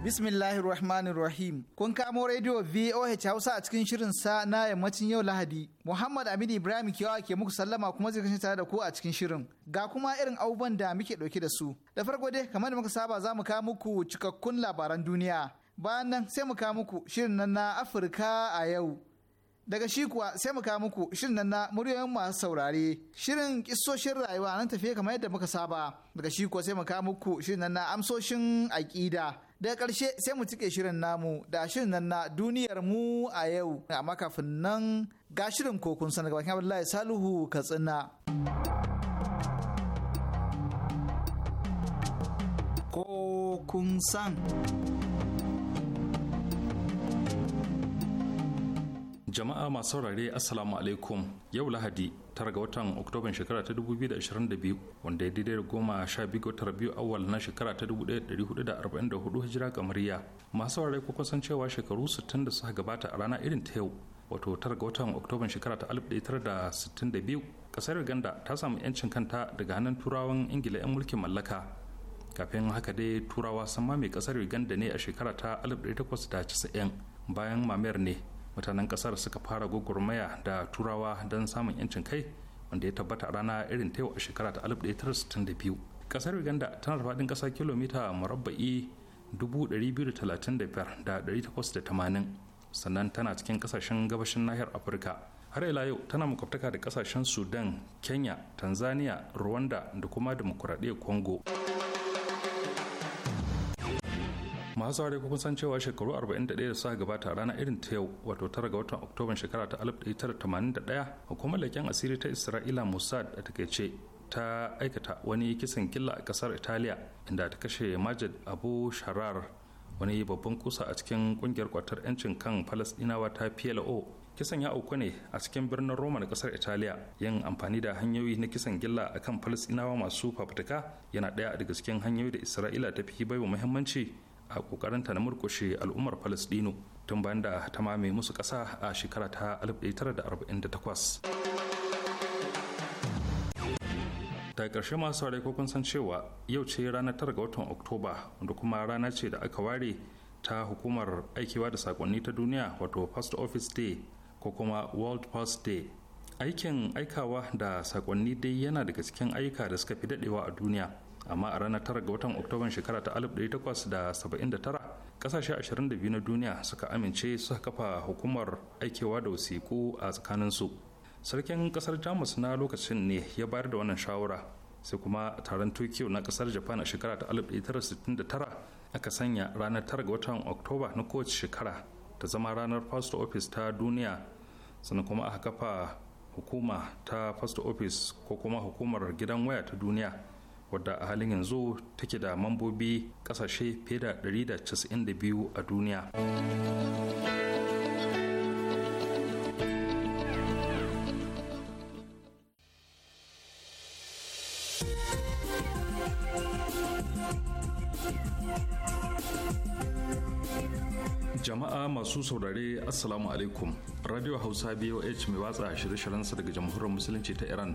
Bismillahir Rahmanir Rahim. Kun kamo rediyo VOH Hausa a cikin shirin sa na yammacin yau Lahadi. Muhammad Aminu Ibrahim Kiyawa ke muku sallama kuma zai kashe tare da ku a cikin shirin. Ga kuma irin abubuwan da muke ɗauke da su. Da farko dai kamar da muka saba za mu kawo muku cikakkun labaran duniya. Bayan nan sai mu kawo muku shirin nan na Afirka a yau. Daga shi kuwa sai mu kawo muku shirin nan na muryoyin masu saurare. Shirin kisoshin rayuwa nan tafiye kamar yadda muka saba. Daga shi kuwa sai mu kawo muku shirin nan na amsoshin aƙida. daga ƙarshe sai mu cike shirin namu da shirin nan na duniyar mu a yau amma kafin nan ga shirin kokun sanar bakin abdullahi saluhu katsina kokun san Jama'a masu saurare Assalamu alaikum yau Lahadi tar ga watan Oktoban shekara ta 2022 wanda ya daidai da goma sha biyu ga tara biyu awal na shekara ta 1444 hijira kamariya. Masu saurare ku kusan cewa shekaru 60 da suka gabata a rana irin ta yau wato tar ga watan Oktoban shekara ta 1962 kasar Uganda ta samu 'yancin kanta daga hannun turawan Ingila 'yan mulkin mallaka. Kafin haka dai turawa sun mame kasar Uganda ne a shekara ta 1890 bayan mamayar ne mutanen kasar suka fara gwagwarmaya da turawa don samun yancin kai wanda ya tabbata rana irin ta yau a shekara ta 1962 kasar uganda tana da faɗin ƙasa kilomita murabba'i 235,880 sannan tana cikin kasashen gabashin nahiyar afirka har ila yau tana makwabtaka da kasashen sudan kenya tanzania rwanda da kuma demokuraɗiyyar congo masu saurare kun san cewa shekaru 41 da suka gabata a ranar irin ta yau wato tara ga watan oktoban shekara ta 1981 hukumar leken asiri ta isra'ila mossad a takaice ta aikata wani kisan killa a kasar italiya inda ta kashe majid abu sharar wani babban kusa a cikin kungiyar kwatar 'yancin kan falasdinawa ta plo kisan ya auku ne a cikin birnin roma na kasar italiya yin amfani da hanyoyi na kisan gilla akan falasdinawa masu fafutuka yana daya daga cikin hanyoyi da isra'ila ta fi baiwa muhimmanci a kokarinta na murkushe al'ummar palestino tun bayan da ta mame musu ƙasa a shekara ta 1948 da karshe masu ware kun san cewa yau ce ranar tara ga watan oktoba wanda kuma rana ce da aka ware ta hukumar aikewa da sakonni ta duniya wato post office day ko kuma world post day aikin aikawa da sakonni dai yana daga cikin ayyuka da suka fi dadewa a duniya amma a ranar 9 ga watan oktoban shekara ta 1879 kasashe 22 na duniya suka amince suka kafa hukumar aikewa da wasiku a tsakaninsu sarkin kasar jamus na lokacin ne ya bayar da wannan shawara sai kuma taron tokyo na kasar japan a shekara ta 1969 aka sanya ranar 9 ga watan oktoba na kowace shekara ta zama ranar post office ta duniya sannan kuma aka kafa hukuma ta post office ko kuma hukumar gidan waya ta duniya wadda a halin yanzu take da mambobi kasashe fiye da 192 a duniya jama'a masu saurare assalamu alaikum radio hausa boh mai watsa shirye-shiryensa daga jamhuriyar musulunci ta iran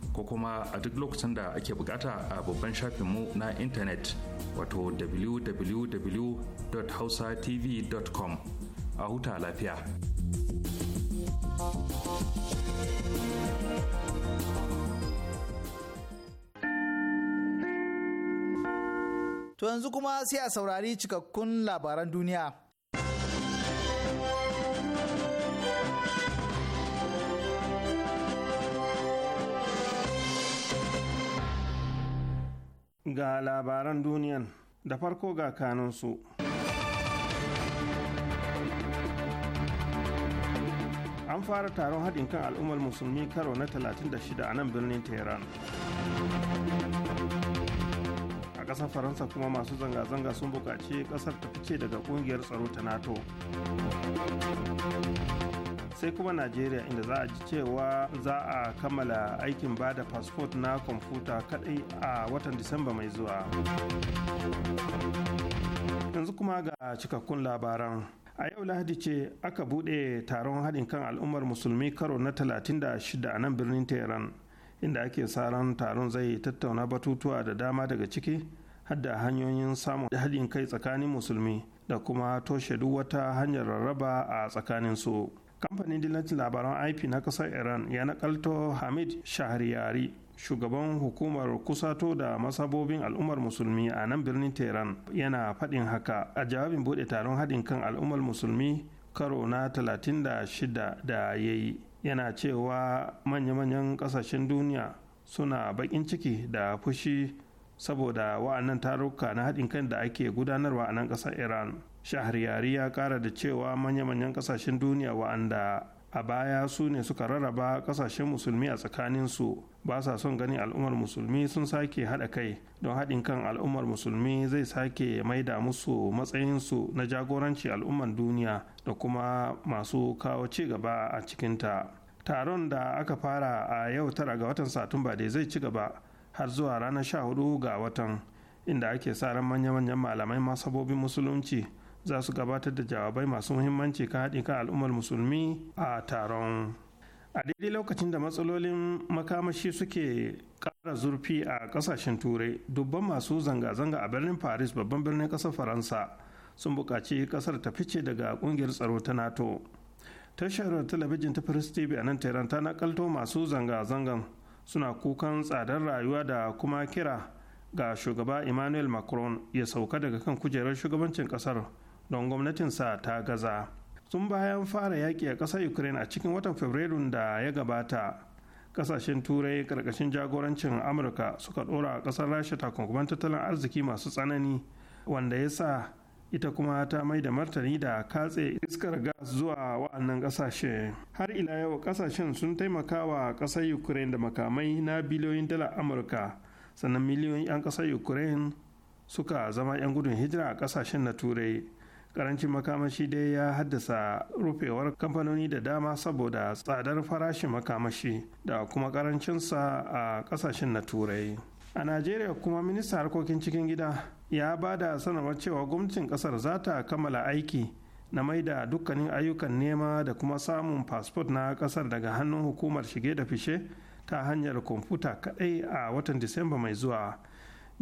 ko kuma a duk lokacin da ake bukata a babban mu na intanet wato www.hausatv.com a huta lafiya. To yanzu kuma sai a saurari cikakkun labaran duniya. ga labaran duniyan da farko ga kanunsu. An fara taron haɗin kan al'ummar musulmi karo na 36 a nan birnin Tehran. A ƙasar Faransa kuma masu zanga-zanga sun buƙaci ƙasar ta fice daga ƙungiyar tsaro ta NATO. sai kuma najeriya inda za a ji cewa za a kammala aikin ba da fasfot na kwamfuta kadai a watan disamba mai zuwa yanzu kuma ga cikakkun labaran a yau lahadi ce aka buɗe taron haɗin kan al'ummar musulmi karo na 36 a nan birnin tehran inda ake saran taron zai tattauna batutuwa da dama daga ciki hadda hanyoyin samun haɗin kai tsakanin musulmi da kuma toshe duk wata hanyar rarraba a tsakanin su kamfanin dillacin labaran ip na kasar iran ya nakalto hamid shahriyari shugaban hukumar kusato da masabobin al'ummar musulmi a nan birnin tehran yana faɗin haka a jawabin bude taron haɗin kan al'ummar musulmi karo na 36 da ya yi yana cewa manya-manyan ƙasashen duniya suna baƙin ciki da fushi saboda wa'annan taruka na haɗin kan da ake gudanarwa a nan ƙasar iran shahriyari ya kara da cewa manya-manyan kasashen duniya wa'anda a baya su ne suka rarraba kasashen musulmi a tsakaninsu ba sa son ganin al'ummar musulmi sun sake haɗa kai don haɗin kan al'ummar musulmi zai sake maida musu matsayinsu na jagoranci al'ummar duniya da kuma masu kawo ci gaba a cikinta taron da aka fara a yau tara ga watan satumba da zai ci gaba har zuwa ranar sha hudu ga watan inda ake sa ran manya-manyan malamai masabobin musulunci za su gabatar da jawabai masu muhimmanci kan haɗin kan al'ummar musulmi a taron a daidai lokacin da matsalolin makamashi suke ƙara zurfi a ƙasashen turai dubban masu zanga-zanga a birnin paris babban birnin ƙasar faransa sun buƙaci ƙasar ta fice daga ƙungiyar tsaro ta nato tashar talabijin ta paris tv a nan tehran ta nakalto masu zanga-zangan suna kukan tsadar rayuwa da kuma kira ga shugaba emmanuel macron ya sauka daga kan kujerar shugabancin kasar. don gwamnatinsa ta gaza tun bayan fara yaƙi a ƙasar ukraine a cikin watan fabrairun da ya gabata ƙasashen turai ƙarƙashin jagorancin amurka suka ɗora a ƙasar rasha takunkuman tattalin arziki masu tsanani wanda ya sa ita kuma ta mai da martani da katse iskar gas zuwa wa'annan kasashe har ila yau kasashen sun taimaka wa kasar ukraine da makamai na biliyoyin dala amurka sannan miliyoyin 'yan ƙasar ukraine suka zama 'yan gudun hijira a kasashen na turai karancin makamashi dai ya haddasa rufewar kamfanoni da dama saboda tsadar farashin makamashi da kuma karancinsa a kasashen na turai a najeriya kuma ministan harkokin cikin gida ya ba da sanarwar cewa gwamnatin kasar za ta kammala aiki na mai da dukkanin ayyukan nema da kuma samun fasfot na kasar daga hannun hukumar shige da fishe ta hanyar kwamfuta kadai a watan disamba mai zuwa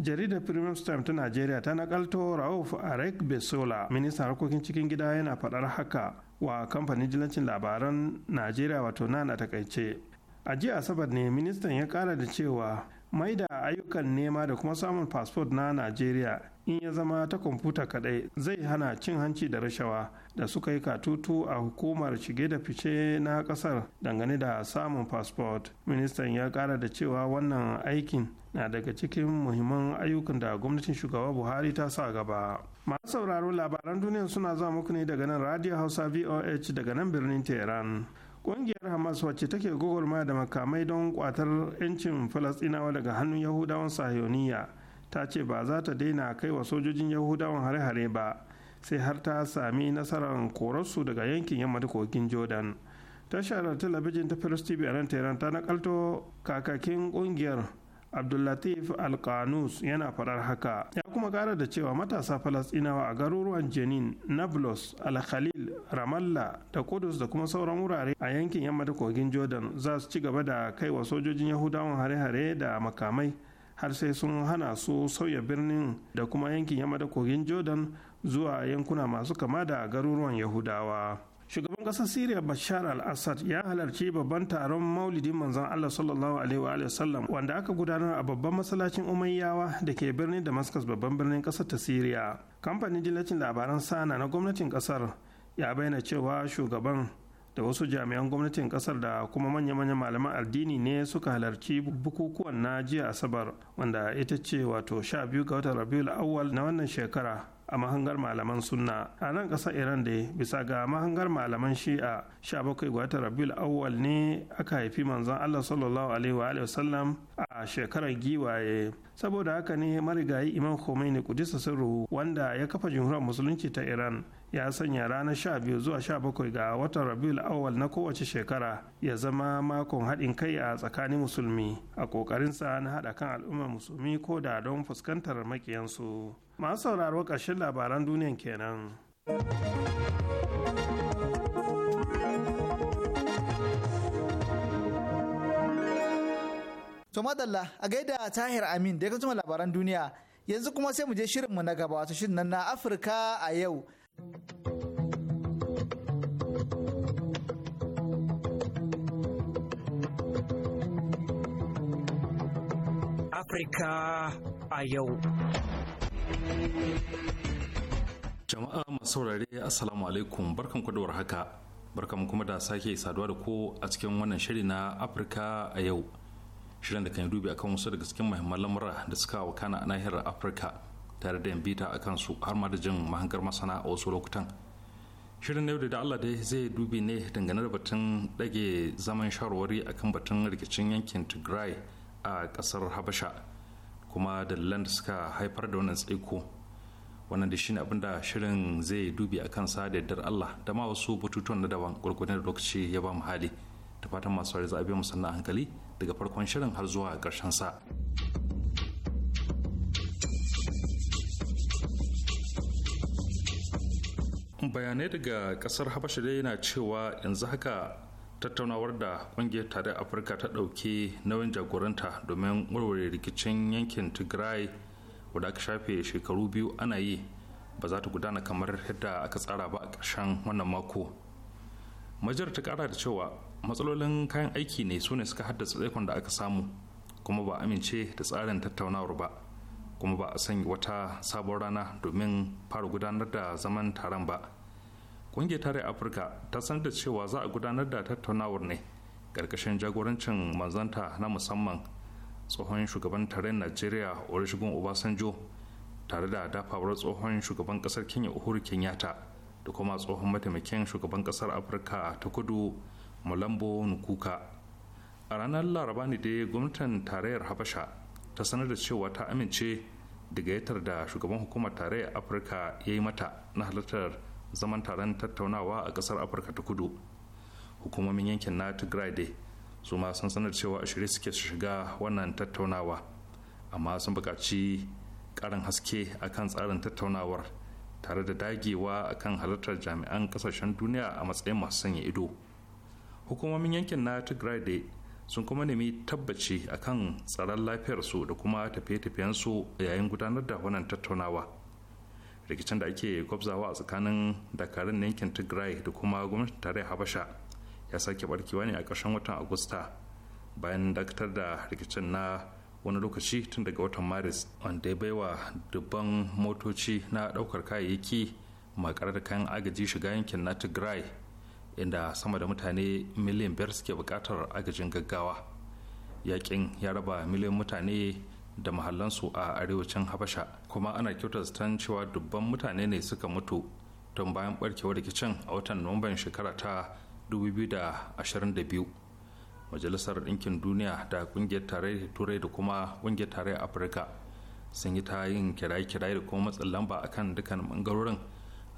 jaridar premium time ta najeriya ta nakalto rauf arek besola ministan harkokin cikin gida yana faɗar haka wa kamfanin jilancin labaran najeriya wato nan a takaice a jiya asabar ne ministan ya kara da cewa mai da ayyukan nema da kuma samun fasfot na najeriya in ya zama ta kwamfuta kadai zai hana cin hanci da rashawa da suka yi katutu a hukumar shige da fice na kasar dangane da samun fasfot ministan ya kara da cewa wannan aikin na daga cikin muhimman ayyukan da gwamnatin shugaba buhari ta sa gaba masu sauraro labaran duniya suna zuwa muku ne daga nan radio hausa voh daga nan birnin tehran Ƙungiyar Hamas wacce take gwagwarmaya da makamai don kwatar 'yancin Falasɗinawa daga hannun Yahudawan Sahiyoniya ta ce ba za ta daina kai wa sojojin Yahudawan hare-hare ba sai har ta sami nasarar korarsu daga yankin yamma da kogin jordan tashar talabijin ta first tv a nan tehran ta nakalto kakakin kungiyar abdullatif alkanus yana farar haka ya kuma kara da cewa matasa falasɗinawa a garuruwan jenin nablus alkhalil ramallah da kudus da kuma sauran wurare a yankin yamma da kogin jordan za su ci gaba da kai wa sojojin yahudawan hare-hare da makamai har sai sun hana su sauya birnin da kuma yankin yamma da kogin jordan zuwa yankuna masu kama da garuruwan yahudawa shugaban ƙasar syria bashar al-assad ya halarci babban taron maulidin manzon allah sallallahu alaihi wa sallam wanda aka gudanar a babban masallacin umayyawa da ke birnin damascus babban birnin ƙasar ta syria kamfanin dillacin labaran sana na gwamnatin ƙasar ya bayyana cewa shugaban da wasu jami'an gwamnatin ƙasar da kuma manya-manyan malaman addini ne suka halarci bukukuwan na jiya asabar wanda ita ce wato sha biyu ga watan rabiul awwal na wannan shekara a mahangar malaman sunna a nan ƙasar iran da bisa ga mahangar malaman shi'a 17 ga watan rabiul awwal ne aka haifi manzon allah sallallahu alaihi wa a shekarar giwaye saboda haka ne marigayi imam khomeini kudisa sirru wanda ya kafa jamhuriyar musulunci ta iran ya sanya ranar sha biyu zuwa sha bakwai ga watan rabiul awal na kowace shekara ya zama makon haɗin kai a tsakanin musulmi a ƙoƙarinsa na haɗa kan al'ummar musulmi ko da don fuskantar maƙiyansu masu sauraro ƙarshen labaran duniyan kenan. To madalla a gaida Tahir Amin da ya zuma labaran duniya yanzu kuma sai mu je shirinmu na gaba wato shirin nan na Afirka a yau. Afirka a yau. Jama'a masu saurare Assalamu alaikum barkan kwadowar haka barkan kuma da sake saduwa da ko a cikin wannan shiri na Afirka a yau. Shirin da kan yi dubi akan wasu daga cikin muhimman lamura da suka wakana a nahiyar Afirka. tare da yin bita a kansu har ma da jin mahangar masana a wasu lokutan shirin yau da allah dai zai dubi ne dangane da batun dage zaman shawarwari kan batun rikicin yankin tigray a kasar habasha kuma dalilan da suka haifar da wannan tsaiko wannan da shine abin da shirin zai dubi a kansa da yardar allah da ma wasu batutuwan na daban gwargwadon da lokaci ya ba mu hali ta fatan masu za a biya sannan hankali daga farkon shirin har zuwa karshen sa. bayanai daga kasar habasha dai na cewa yanzu haka tattaunawar da kungiyar tare afirka ta ɗauki nauyin jagoranta domin warware rikicin yankin tigray wadda aka shafe shekaru biyu ana yi ba za ta gudana kamar yadda aka tsara ba a ƙarshen wannan mako majiyar ta ƙara da cewa matsalolin kayan aiki ne su ne suka haddasa tsaikon da aka samu kuma ba amince da tsarin tattaunawar ba kuma ba a sanya wata sabon rana domin fara gudanar da zaman taron ba ƙungiyar tare afirka ta sanar da cewa za a gudanar da tattaunawar ne ƙarƙashin jagorancin manzanta na musamman tsohon shugaban taron najeriya olusegun obasanjo tare da dafawar tsohon shugaban ƙasar kenya uhuru kenyatta da kuma tsohon mataimakin shugaban ƙasar afirka ta kudu mulambo nukuka a ranar laraba ne dai gwamnatin tarayyar habasha ta sanar da cewa ta amince da gayyatar da shugaban hukumar tarayyar afirka ya yi mata na halartar zaman taron tattaunawa a kasar afirka ta kudu hukumomin yankin na tigray su ma sun sanar cewa a shirye suke shiga wannan tattaunawa amma sun buƙaci ƙarin haske akan tsarin tattaunawar tare da dagewa akan halartar jami'an ƙasashen duniya a matsayin masu sanya ido hukumomin yankin na tigray sun kuma nemi tabbaci a kan tsaron lafiyarsu da kuma tafiye-tafiyensu yayin gudanar da wannan tattaunawa rikicin da ake gwabzawa a tsakanin dakarun yankin tigray da kuma gwamnatin tare habasha ya sake barkewa ne a ƙarshen watan agusta bayan dakatar da rikicin na wani lokaci tun daga watan maris wanda ya baiwa dubban motoci na ɗaukar kayayyaki makarar kayan agaji shiga yankin na tigray inda sama da mutane miliyan biyar suke bukatar agajin gaggawa yakin ya raba miliyan mutane da mahallansu a arewacin habasha kuma ana kyautar zaton cewa dubban mutane ne suka mutu tun bayan barkewar rikicin a watan nuwamban shekara ta 2022 majalisar ɗinkin duniya da ƙungiyar tarayyar turai da kuma ƙungiyar tarayyar afirka sun yi ta yin kiraye-kiraye da kuma matsin lamba akan dukkan bangarorin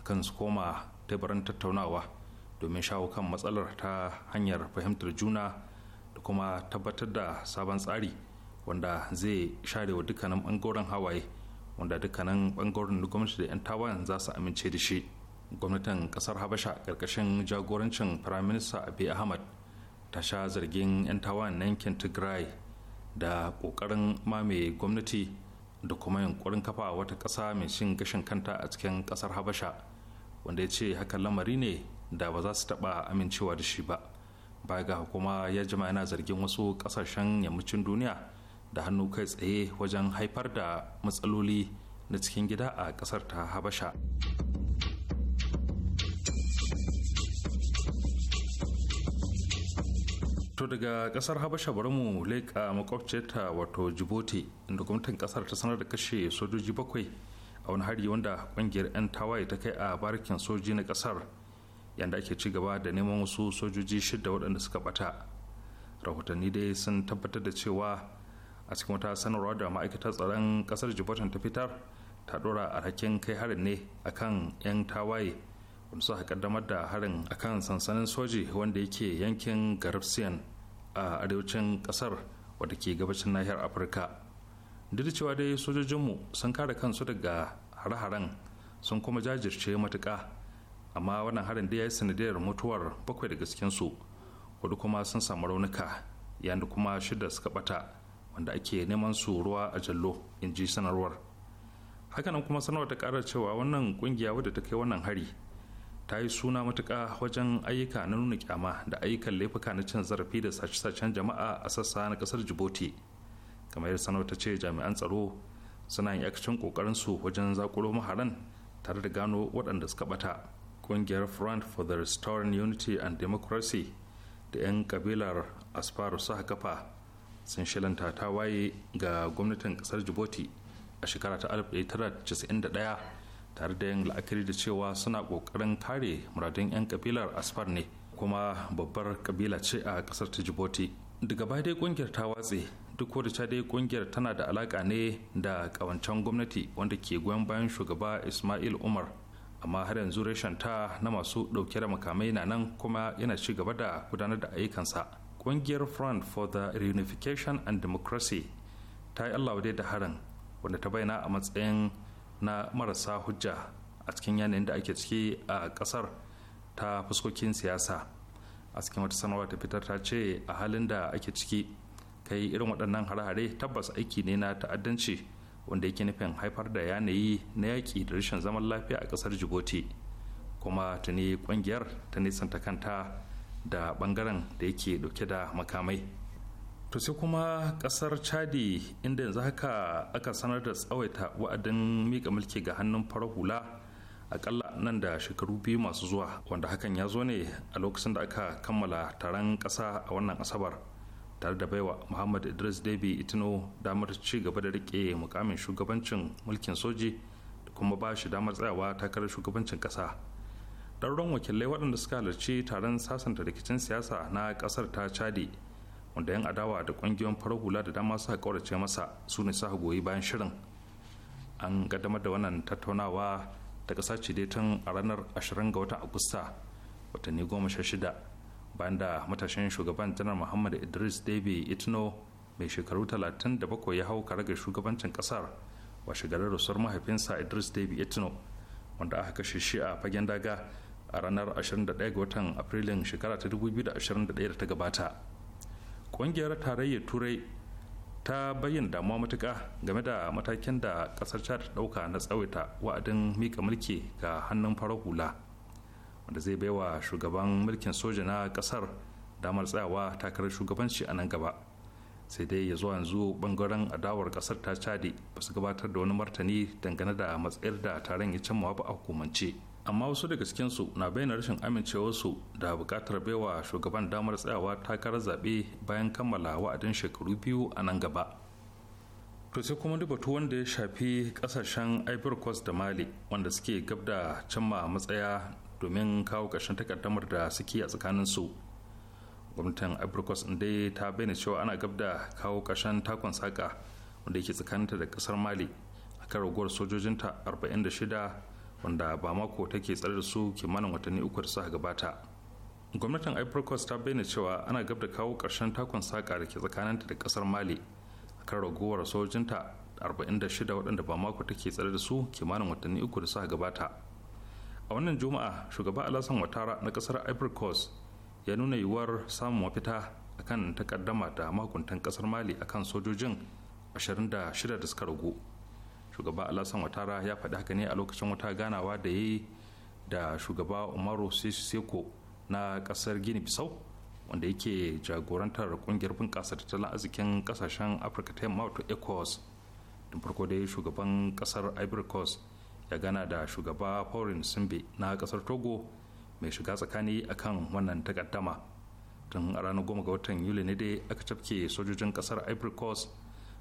akan su koma teburin tattaunawa domin shawo kan matsalar ta hanyar fahimtar juna da kuma tabbatar da sabon tsari wanda zai share wa dukkanin bangoren hawaye wanda dukkanin bangoren da gwamnati da 'yan tawayen za su amince da shi gwamnatin kasar habasha karkashin jagorancin prime minister abiy ahmad ta sha zargin 'yan tawayen na yankin tigray da kokarin mame gwamnati da kuma yunkurin kafa wata kasa mai cin gashin kanta a cikin kasar habasha wanda ya ce hakan lamari ne da ba za su taɓa amincewa da shi ba baya ga kuma ya jima yana zargin wasu kasashen yammacin duniya da hannu kai tsaye wajen haifar da matsaloli na cikin gida a kasar ta habasha to daga kasar habasha bari mu leƙa makwabciyarta wato djibouti inda gwamnatin kasar ta sanar da kashe sojoji bakwai a wani hari wanda kungiyar 'yan tawaye ta kai a barikin soji na kasar yadda ake ci gaba da neman wasu sojoji shida waɗanda suka bata rahotanni dai sun tabbatar da cewa a cikin wata sanarwa da ma'aikatar tsaron ƙasar jibutan ta fitar ta ɗora alhakin kai harin ne akan 'yan tawaye wanda suka kaddamar da harin akan sansanin soji wanda yake yankin garibsiyan a arewacin ƙasar wadda ke gabashin nahiyar afirka duk da cewa dai sojojinmu sun kare kansu daga hare-haren sun kuma jajirce matuƙa amma wannan harin da ya yi sanadiyar mutuwar bakwai daga su hudu kuma sun samu raunuka yayin da kuma shida suka bata wanda ake neman su ruwa a jallo in ji sanarwar hakanan kuma sanarwar ta karar cewa wannan kungiya wadda ta kai wannan hari ta yi suna matuka wajen ayyuka na nuna kyama da ayyukan laifuka na cin zarafi da sace-sacen jama'a a sassa na kasar djibouti kamar yadda sanarwar ta ce jami'an tsaro suna yin yakacin kokarin su wajen zakuro maharan tare da gano waɗanda suka bata kungiyar front for the restoring unity and democracy da 'yan kabilar asfaru suka kafa sun shilanta ta waye ga gwamnatin kasar djibouti a shekara ta 1991 tare da yin la'akari da cewa suna kokarin kare muradun 'yan kabilar asfar ne kuma babbar kabila ce a kasar ta djibouti daga baya dai kungiyar ta watse duk wadda ta dai kungiyar tana da alaka ne da kawancen gwamnati wanda ke goyon bayan shugaba ismail umar amma har yanzu reshen ta na masu ɗauke da makamai na nan kuma yana ci gaba da gudanar da ayyukansa ƙungiyar front for the reunification and democracy ta yi allawa da harin wanda ta bayyana a matsayin na marasa hujja a cikin yanayin da ake ciki a ƙasar ta fuskokin siyasa a cikin wata sanarwa ta fitar ta ce a halin da ake ciki kai irin waɗannan hare-hare tabbas aiki ne na ta'addanci wanda yake nufin haifar da yanayi na yaƙi da rashin zaman lafiya a ƙasar jibuti kuma ta ne ƙungiyar ta nisan ta kanta da ɓangaren da yake ɗauke da makamai to sai kuma ƙasar chadi inda yanzu haka aka sanar da tsawaita wa'adin miƙa mulki ga hannun farar hula akalla nan da shekaru biyu masu zuwa wanda hakan ya zo ne a lokacin da aka kammala taron ƙasa a wannan asabar tare da baiwa muhammad idris debi itino damar ci gaba da rike mukamin shugabancin mulkin soji da kuma ba shi damar tsayawa takarar shugabancin kasa ɗarurran wakilai waɗanda suka halarci taron sasanta rikicin siyasa na ƙasar ta chadi wanda yan adawa da ƙungiyoyin farar hula da dama suka ƙaurace masa su ne suka goyi bayan shirin an ƙaddamar da wannan tattaunawa ta ƙasa ce a ranar 20 ga watan agusta watanni goma sha shida bayan da matashin shugaban janar muhammad idris debi itno mai shekaru 37 ya hau karagar shugabancin kasar wa shigarar rasuwar mahaifinsa idris debi itno wanda aka kashe shi a fagen daga a ranar 21 ga watan afrilun shekara ta 2021 da ta gabata ƙungiyar tarayyar turai ta bayyana damuwa matuka game da matakin da ƙasar ta ɗauka na tsawaita wa'adin mika mulki ga hannun farar hula wanda zai baiwa shugaban mulkin soja na kasar damar tsayawa takarar shugabanci a nan gaba sai dai ya zuwa yanzu bangaren adawar kasar ta cadi ba su gabatar da wani martani dangane da matsayar da taron ya cimma ba a hukumance amma wasu daga cikinsu na bayyana rashin amincewarsu da buƙatar baiwa shugaban damar tsayawa takarar zaɓe bayan kammala wa'adin shekaru biyu a nan gaba to sai kuma duk batu wanda ya shafi kasashen ivory coast da mali wanda suke gabda da cimma matsaya domin kawo ƙarshen takaddamar da suke a tsakanin su gwamnatin abrikos dai ta bayyana cewa ana gab da kawo ƙarshen takon saƙa wanda yake tsakaninta da ƙasar mali a kan raguwar sojojinta 46 wanda ba mako take tsare da su kimanin watanni uku da suka gabata gwamnatin abrikos ta bayyana cewa ana gab da kawo ƙarshen takon saƙa da ke tsakaninta da ƙasar mali a kan raguwar sojojinta 46 waɗanda ba mako take tsare da su kimanin watanni uku da suka gabata a wannan juma'a shugaba alasan watara na kasar ivory coast ya nuna yiwuwar samun mafita akan takaddama da makuntan kasar mali akan sojojin 26 da suka ragu shugaba alasan watara ya faɗi haka ne a lokacin wata ganawa da ya yi da shugaba umaru seko na kasar gini bisau wanda yake jagorantar kungiyar bunƙasa tattalin arzikin kasashen afirka ta yamma wato ecos tun farko dai shugaban kasar ivory coast ya gana da shugaba Pauline Simbe na kasar Togo mai shiga tsakani akan wannan takaddama. Tun a ranar goma ga watan Yuli ne dai aka cafke sojojin kasar Ivory Coast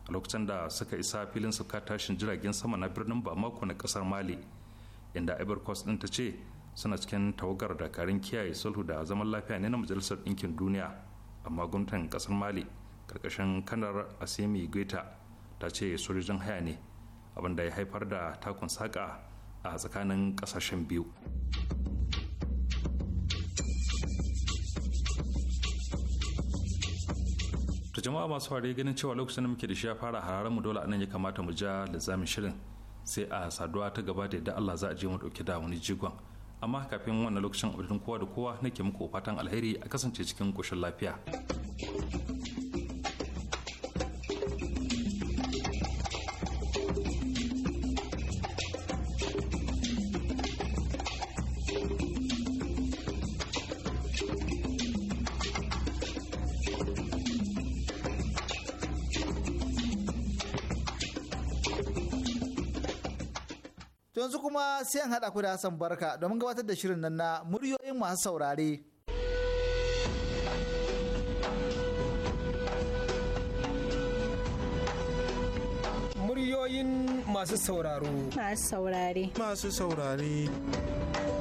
a lokacin da suka isa filin suka tashin jiragen sama na birnin Bamako na kasar Mali inda Ivory Coast din ta ce suna cikin tawagar dakarun kiyaye sulhu da zaman lafiya ne na majalisar ɗinkin duniya amma gwamnatin kasar Mali karkashin kanar Asimi Goita ta ce sojojin haya ne abinda ya haifar da takun saƙa a tsakanin ƙasashen biyu to jama'a masu fare ganin cewa lokacin da muke da shi ya fara hararren mu dole anan ya kamata mu ja lizamin shirin sai a saduwa ta gaba da yadda Allah za a je mu dauke da wani jigon amma kafin wannan lokacin abudin kowa da kowa nake muku fatan alheri a kasance cikin koshin lafiya yanzu kuma sai an haɗa ku da Hassan Barka domin gabatar da shirin nan na muryoyin masu saurare. Muryoyin masu sauraro. Masu saurare. Masu saurare.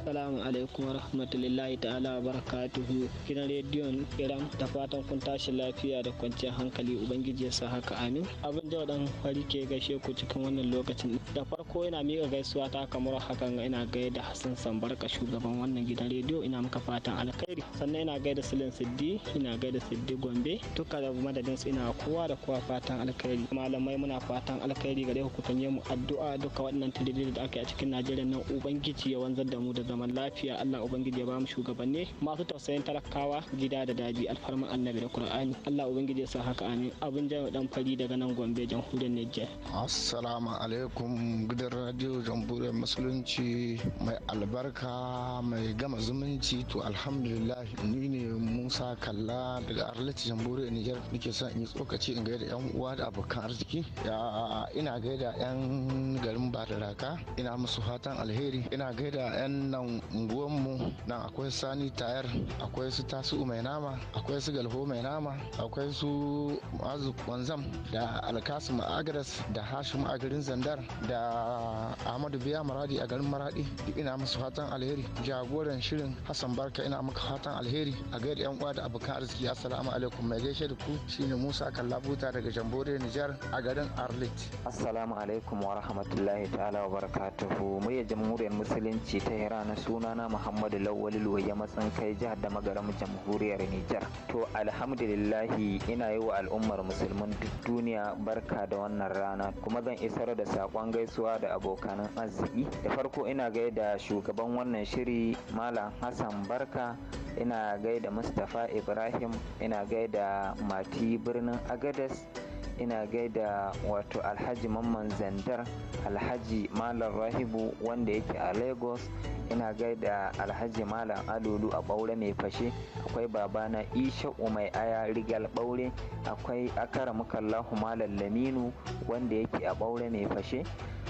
Salamu alaikum wa rahmatullahi ta'ala wa barakatuhu. Gidan rediyon Iran da fatan kun tashi lafiya da kwanciyar hankali Ubangiji ya sa haka amin. Abin da wadan fari ke gaishe ku cikin wannan lokacin. Da farko ina miƙa gaisuwa ta kamar hakan ina gaida Hassan Sambarka shugaban wannan gidan rediyo ina maka fatan alkhairi. Sannan ina gaida Silin Siddi, ina gaida Siddi Gombe, duka da madadin su ina kowa da kowa fatan alkhairi. Malamai muna fatan alkhairi gare ku ku mu addu'a duka wannan tiriri da ake a cikin Najeriya nan Ubangiji ya wanzar da mu da zaman lafiya Allah ubangiji ya ba mu shugabanni masu tausayin talakawa gida da daji alfarman annabi da Qur'ani Allah ubangiji ya sa haka amin abin jami dan fari daga nan Gombe jamhuriyar Nijar Assalamu alaikum gidan radio jamhuriyar musulunci mai albarka mai gama zumunci to alhamdulillah ni ne Musa Kalla daga Arlati jamhuriyar Nijar nake son in yi tsokaci in gaida yan uwa da abokan arziki ina gaida yan garin Badaraka ina musu fatan alheri ina gaida yan nan unguwanmu nan akwai sani tayar akwai su tasu mai nama akwai su galho mai nama akwai su azu wanzam da alkasim agres da hashim a garin zandar da ahmadu biya maradi a garin maradi duk ina musu fatan alheri jagoran shirin hassan barka ina maka fatan alheri a gaida yan uwa da abokan arziki assalamu alaikum mai gaishe da ku shine musa buta daga jambore nijar a garin arlit assalamu alaikum wa rahmatullahi ta'ala wa barakatuhu muryar jamhuriyar musulunci ta iran sunana muhammadu lawal loya matsan kai jihar da magaram jamhuriyar nijar to alhamdulillahi ina yi wa al'ummar musulmin duk duniya barka da wannan rana kuma zan isar da sakon gaisuwa da abokan arziki da farko ina gaida shugaban wannan shiri malam hassan barka ina gaida mustapha ibrahim ina gaida mati birnin agadas ina gaida wato alhaji mamman zandar alhaji malam rahibu wanda yake a lagos ina gaida alhaji malam adudu a ɓaure mai fashe akwai babana isha mai aya rigal ɓaure akwai akara mukallahu malam laminu wanda yake a ɓaure mai fashe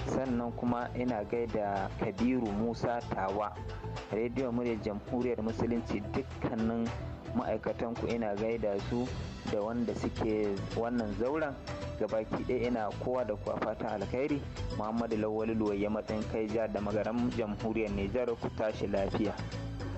sannan kuma ina gaida kabiru musa tawa rediyo murya jamhuriyar musulunci dukkanin ma'aikatan ku ina gaida su da wanda suke wannan zauren gabaki ɗaya ina kowa da kowa fatan alkhairi muhammadu lawal ya matsayin kai ja da magaran jamhuriyar nijar ku tashi lafiya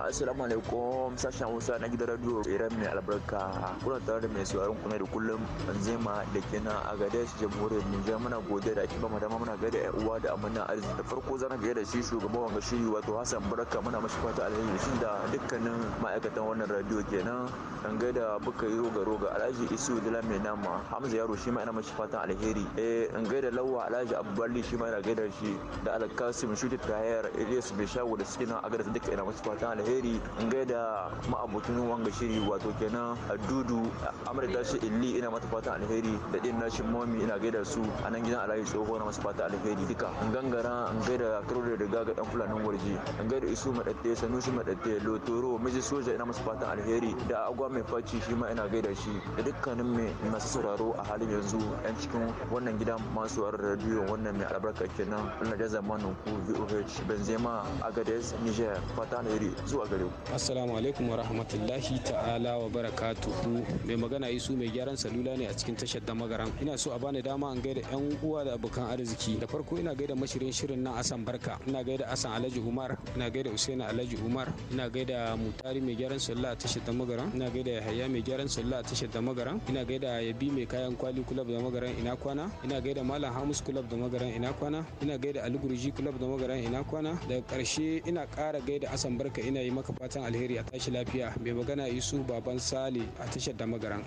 assalamu alaikum sashen hausa na gidan radio iran mai albarka kuna tare da mai sauraron kuma da kullum zema da ke nan agades jamhuriyar nijar muna gode da ake bamu dama muna gade yan uwa da amana arziki da farko zan gaida da shi shugaban wanga shiri wato hassan baraka muna mashi fata alheri shi da dukkanin ma'aikatan wannan radio kenan an gaida buka yi roga roga alhaji isu dila mai nama hamza yaro shi ma ina mashi fata alheri eh in gaida lawa alhaji abubuwalli shi ma ina gaida shi da alkasim shuti tahir ilyas bishawu da suke nan a agades duka ina mashi fata alheri alheri in gaida ma'abokin ruwan shiri wato kenan dudu amurka tashi illi ina mata fatan alheri da din nashi mami ina gaida su a nan gidan alayi tsoho na masu fatan alheri duka in gangara in gaida karo da riga dan fulanin warji in gaida isu madatte sanusi madatte lotoro miji soja ina masu fatan alheri da agwa mai faci shi ma ina gaida shi da dukkanin mai masu sauraro a halin yanzu yan cikin wannan gidan masu sauraron radio wannan mai albarka kenan Allah da zamanin ku VOH Benzema Agadez Niger fatan alheri zuwa gare ku assalamu alaikum wa rahmatullahi ta'ala wa barakatuhu mai magana isu mai gyaran salula ne a cikin tashar damagaran ina so a bani dama an gaida yan uwa da abokan arziki da farko ina gaida mashirin shirin nan asan barka ina gaida asan alhaji umar ina gaida usain alhaji umar ina gaida mutari mai gyaran salula a tashar damagaran ina gaida yahaya mai gyaran salula a tashar damagaran ina gaida yabi mai kayan kwali kulab da magaran ina kwana ina gaida malam hamus kulab da magaran ina kwana ina gaida Aliguruji kulab da magaran ina kwana daga karshe ina kara gaida asan barka ina yi maka fatan alheri a tashi lafiya mai magana isu baban sale a tashar da magaran.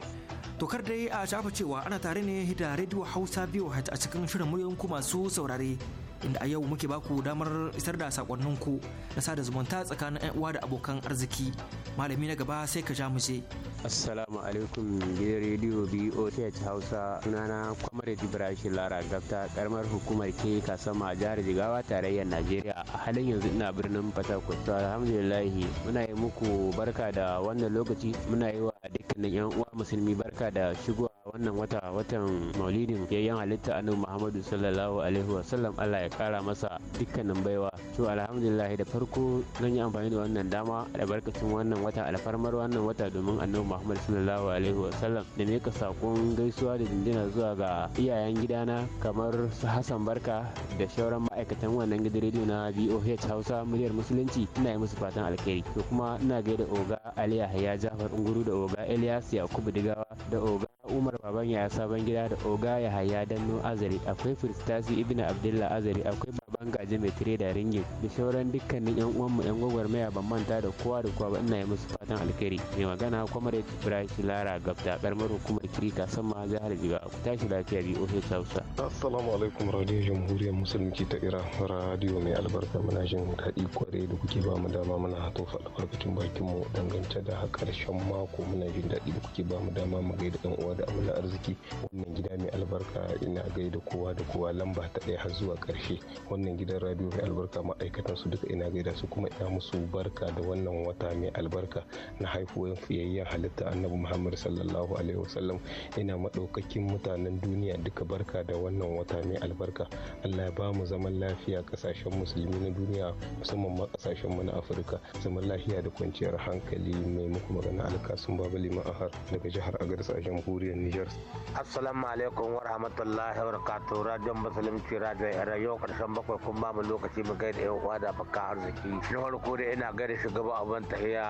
Tokar dai a shafa cewa ana tare ne da rediyo Hausa biyu a cikin shirin muryoyin ku masu saurare. inda a yau muke baku damar isar da ku na sada zumunta tsakanin 'yan uwa da abokan arziki malami na gaba sai ka ja mu je assalamu alaikum gidan rediyo both hausa sunana kwamar ibrahim lara gafta karamar hukumar ke kasama jihar jigawa tarayyar najeriya a halin yanzu ina birnin fatakwal to alhamdulillahi muna yi muku barka da wannan lokaci muna yi wa dukkanin yan uwa musulmi barka da shigowa wannan wata watan maulidin yayin halitta annabi muhammadu sallallahu alaihi wa sallam allah ya kara masa dukkanin baiwa to alhamdulillah da farko zan yi amfani da wannan dama da barkacin wannan wata alfarmar wannan wata domin annabi Muhammadu sallallahu alaihi wa sallam da me ka sakon gaisuwa da dindina zuwa ga iyayen gidana kamar su hassan barka da shauran ma'aikatan wannan gidan rediyo na boh hausa muryar musulunci ina yi musu fatan alkhairi to kuma ina gaida oga aliya ya jafar unguru da oga elias yakubu digawa da oga umar baban ya sabon gida da oga ya haya danno azari akwai firistasi ibn abdullah azari akwai baban gaji mai tire da ringin da shauran dukkanin yan uwanmu yan gwagwarmaya ban manta da kowa da kowa ba ina yi musu fatan alkhairi mai magana kwamare ibrahim lara gabta karamar hukumar kirika sama jihar jiga ku tashi lafiya biyu ofis hausa assalamu alaikum radio jamhuriyar musulunci ta ira radio mai albarka muna jin daɗi kwarai da kuke ba mu dama muna faɗa albarkacin bakin mu dangance da ƙarshen mako muna jin daɗi da kuke ba mu dama mu gaida ɗan uwa da amina arziki wannan gida mai albarka ina gaida kowa da kowa lamba ta ɗaya har zuwa ƙarshe wannan gidan radio mai albarka ma'aikatan su duka ina gaida su kuma ina musu barka da wannan wata mai albarka na haihuwar fiyayyen halitta annabi muhammad sallallahu alaihi wasallam ina maɗaukakin mutanen duniya duka barka da wannan wata mai albarka allah ya ba mu zaman lafiya ƙasashen musulmi na duniya musamman ma ƙasashen mu na afirka zaman lafiya da kwanciyar hankali mai muku magana alkasun babali ma'ahar daga jihar agadis a jamhuriyar jamhuriyar Niger. Assalamu alaikum wa rahmatullahi wa barakatu Radio musulunci radio yara yau karshen bakwai kun ba mu lokaci mu gaida yan uwa da baka arziki. Na farko dai ina gaida shugaban abin tahiya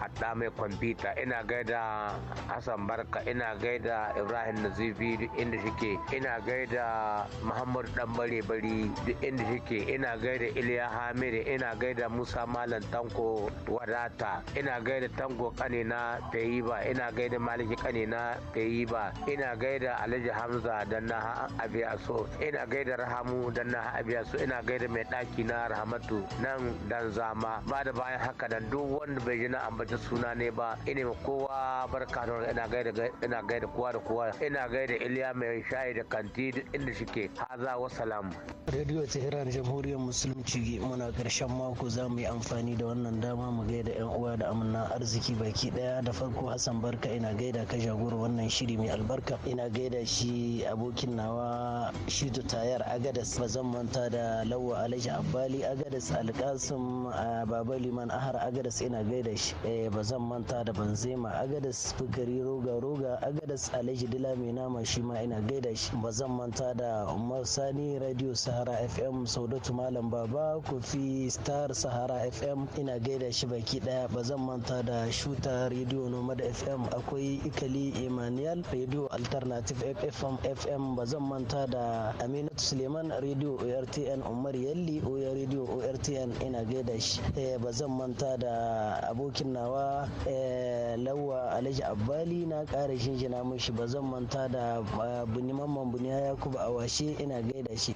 hadda mai kwamfuta ina gaida Hassan Barka ina gaida Ibrahim Nazifi duk inda shike ina gaida Muhammad Dan Bare Bari duk inda shike ina gaida Iliya Hamid ina gaida Musa Malam Tanko Wadata ina gaida Tango Kanina Tayiba ina gaida Maliki Kanina Tayi ba ina gaida alhaji hamza dan na abiya so ina gaida rahamu dan na abiya so ina gaida mai daki na rahmatu nan dan zama ba da bayan haka dan duk wanda bai ji na suna ne ba ina ma kowa barka da ina gaida ina gaida kowa da kowa ina gaida iliya mai shayi da kanti duk inda shike haza wa salam radio tehran jamhuriyar musulunci muna karshen mako za mu yi amfani da wannan dama mu gaida yan uwa da amina arziki baki daya da farko hassan barka ina gaida ka jagoro wannan shiri mai albarka ina gaida shi abokin nawa shito tayar agadas ba zan manta da lawa alhaji abbali agadas alkasim baba liman ahar agadas ina gaida shi eh, ba manta da banzema agadas fikari roga roga agadas alhaji dila mai nama shi ma ina gaida shi ba zan manta da umar sani radio sahara fm saudatu malam baba kofi star sahara fm ina gaida shi baki daya ba manta da shuta radio nomad fm akwai ikali imaniya royal radio alternative fm fm ba zan manta da aminatu suleiman radio ortn umar yalli oya radio ortn ina gaida shi eh, ba zan manta da abokin nawa eh, lawa alhaji abbali na kara shinshina mushi ba zan manta da eh, bunimamman buniya yakubu awashe ina gaida shi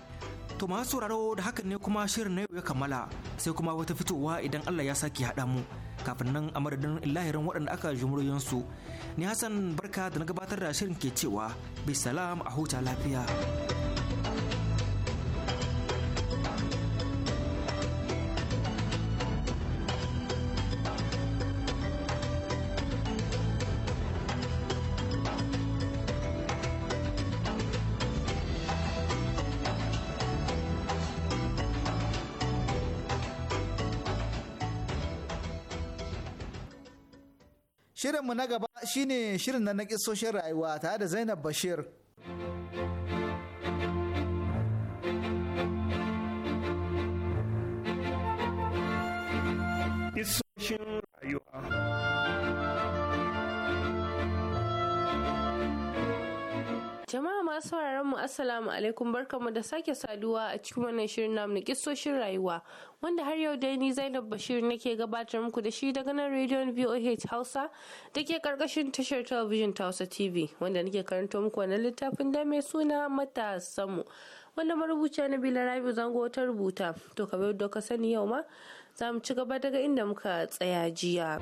To masu sauraro da hakan ne kuma shirin na yau ya kammala sai kuma wata fitowa idan Allah ya sake haɗa mu kafin nan a madadin lahirin waɗanda aka jumuriyansu ni hassan barka da na gabatar da shirin ke cewa bisalam a huta lafiya Shirinmu na gaba shine shirin na na kisoshin rayuwa tare da Zainab Bashir. assalamu alaikum barkamu da sake saduwa a cikin wannan shirin namu na kissoshin rayuwa wanda har yau dai ni Zainab Bashir nake gabatar muku da shi daga nan rediyon VOH Hausa take karkashin tashar talabijin ta Hausa TV wanda nake karanto muku wannan littafin da mai suna samu, wanda marubuciya Bila Rabi Zango ta rubuta to kamar da ka sani yau ma za mu ci gaba daga inda muka tsaya jiya.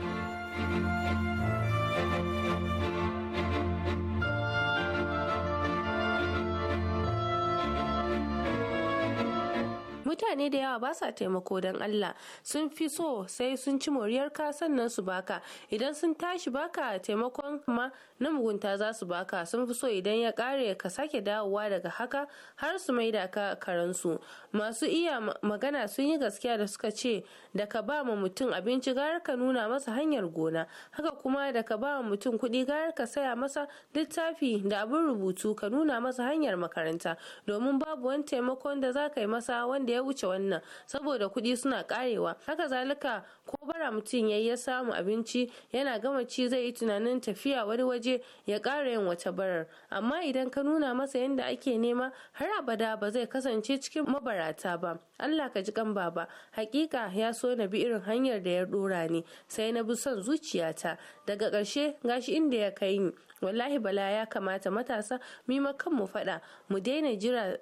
mutane da yawa ba sa taimako don Allah sun fi so sai sun ci moriyar ka sannan su baka idan sun tashi baka taimakon ma na mugunta za su baka sun fi so idan ya kare ka sake dawowa daga haka har su mai da ka karansu masu iya magana sun yi gaskiya da suka ce da ka ba ma mutum abinci gara ka nuna masa hanyar gona haka kuma da ka ba ma mutum kuɗi gara ka saya masa littafi da abin rubutu ka nuna masa hanyar makaranta domin babu wani taimakon da za ka yi masa wanda ya wuce wannan saboda kuɗi suna karewa haka zalika ko ko bara mutum yayi ya samu abinci yana gama ci zai yi tunanin tafiya wani waje ya ƙara yin wata barar amma idan ka nuna masa yadda ake nema har abada ba zai kasance cikin mabarata ba Allah ka ji kan baba hakika ya so na bi irin hanyar da ya dora ni sai na bi son zuciyata daga ƙarshe gashi inda ya kai ni wallahi bala ya kamata matasa mu ma kanmu faɗa mu daina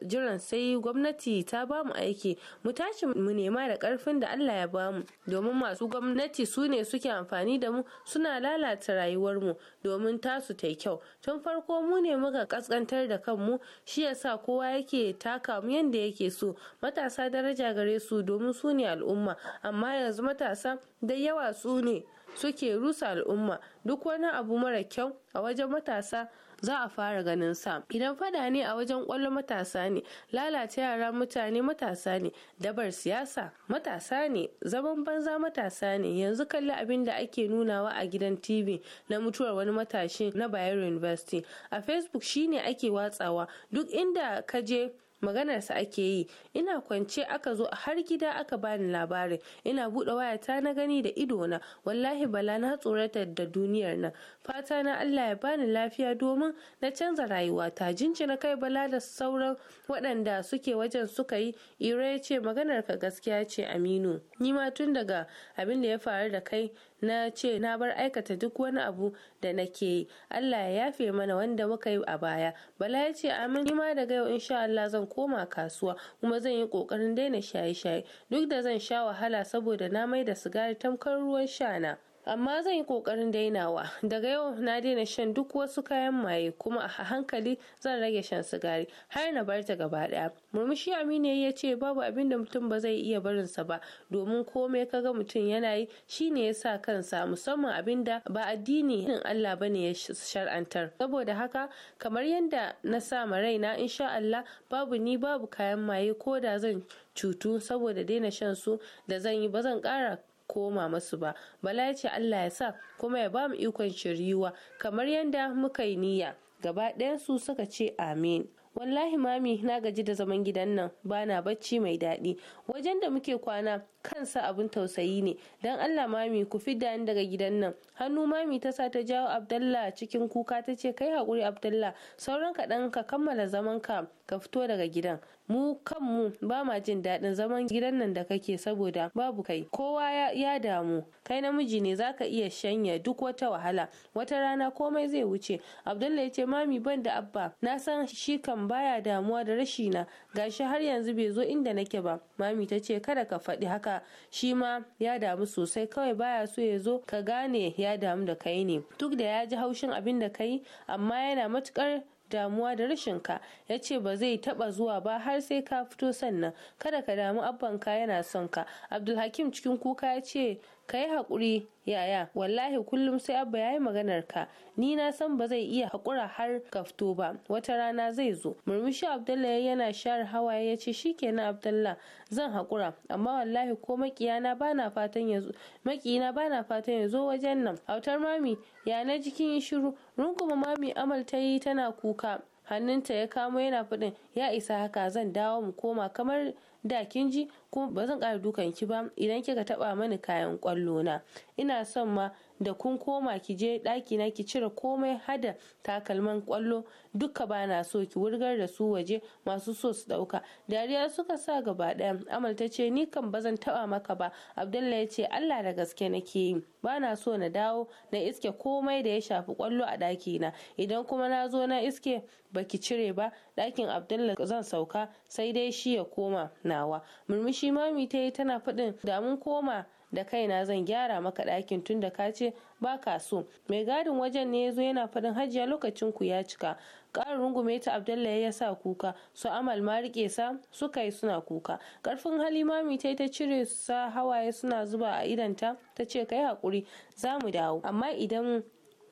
jiran sai gwamnati ta ba mu aiki mu tashi mu nema da karfin da Allah ya ba mu domin masu gwamnati su ne suke amfani da mu suna lalata rayuwar mu domin tasu ta kyau tun farko mu ne muka kaskantar da kanmu shi yasa kowa yake taka mu yanda yake so matasa daraja gare su domin su ne al'umma amma yanzu matasa da yawa su ne suke rusa al'umma duk wani abu mara kyau a wajen matasa za a fara ganin sa idan fada ne a wajen kwallo matasa ne lalata yara mutane matasa ne dabar siyasa matasa ne zaman banza matasa ne yanzu kalli abin da ake nunawa a gidan tv na mutuwar wani matashi na bayero university a facebook shine ake watsawa duk inda ka je maganarsa ake yi ina kwance aka zo har gida aka bani labari ina buɗe wayata na gani da idona wallahi bala na tsorata da duniyar nan fata na Allah ya bani lafiya domin na canza rayuwata jinjina kai bala da sauran waɗanda suke wajen suka yi iro ya ce maganar ka gaskiya ce aminu ni ma tun daga abin da ya faru da kai na ce na bar aikata duk wani abu da nake yi Allah ya yafe mana wanda muka yi a baya bala ya ce amin ma daga yau insha Allah zan koma kasuwa kuma zan yi kokarin daina shaye-shaye duk da zan sha wahala saboda na mai da sigari tamkar ruwan sha na amma zan yi kokarin dainawa daga yau na daina shan duk wasu kayan maye kuma a hankali zan rage shan sigari har na bar ta gaba daya murmushi aminu ya ce babu abin da mutum ba zai iya barinsa ba domin komai kaga mutum yana yi shine ya sa kansa musamman abin da ba addini Allah bane ya shar'antar saboda haka kamar yadda na sa ma raina insha Allah babu ni babu kayan maye ko da zan cutu saboda daina shan su da zan yi ba zan kara koma masu ba bala ya ce allah ya sa kuma ya ba mu ikon shiriwa kamar yadda muka yi niyya gaba su suka ce amin wallahi mami na gaji da zaman gidan nan bana bacci mai daɗi wajen da muke kwana kansa abin tausayi ne don allah mami ku fidda ni daga gidan nan hannu mami ta sa ta jawo abdallah cikin kuka ta ce kai haƙuri abdallah sauran kaɗan ka kammala zaman ka ka fito daga gidan mu kanmu ba ma jin daɗin zaman gidan nan da kake saboda babu kai kowa ya damu kai namiji ne zaka iya shanya duk wata wahala wata rana komai zai wuce abdullahi ya ce mami ban da abba na san shi kan baya damuwa da rashi na gashi har yanzu bai zo inda nake ba mami ta ce kada ka faɗi haka shi ma ya damu sosai kawai baya so ya zo ka gane ya damu da kai ne duk da ya ji haushin abin da kai amma yana matukar damuwa da rashin ka ya ce ba zai taba zuwa ba har sai ka fito sannan kada ka damu abban yana son ka abdulhakim cikin kuka ya ce ka yi haƙuri yaya wallahi kullum sai abba ya yi maganar ka ni na san ba zai iya haƙura har kafto ba wata rana zai zo murmushi abdullahi yana share hawaye ya ce shi shikenan abdullah zan haƙura amma wallahi ko makiyana bana fatan ya fatan ya zo wajen nan autar mami ya na jikin shiru runguma mami amal ta yi tana kuka hannunta ya kamo yana faɗin ya isa haka zan dawo mu koma kamar da kin ji kuma ba zan ƙara dukan ki ba idan kika taɓa mani kayan kwallo na ina son ma da kun koma ki je ɗaki na ki cire komai hada takalman kwallo duka ba na so ki wurgar da su waje masu so su ɗauka dariya suka sa gaba ɗaya amal ta ce ni kan bazan zan taba maka ba abdullahi ya ce allah da gaske na ke yi ba na so na dawo na iske komai da ya shafi kwallo a ɗaki na idan kuma na zo na iske baki cire ba ɗakin abdullahi zan sauka sai dai shi ya koma nawa murmushi shi mami ta yi tana faɗin da mun koma da kaina zan gyara maka ɗakin tun da ka ce ba ka so mai gadin wajen ne ya zo yana faɗin hajiya lokacin ku ya cika ƙarin rungume ta abdullahi ya sa kuka su amal ma rike sa suka yi suna kuka ƙarfin hali mami ta ta cire sa hawaye suna zuba a idanta ta ce kai haƙuri za mu dawo amma idan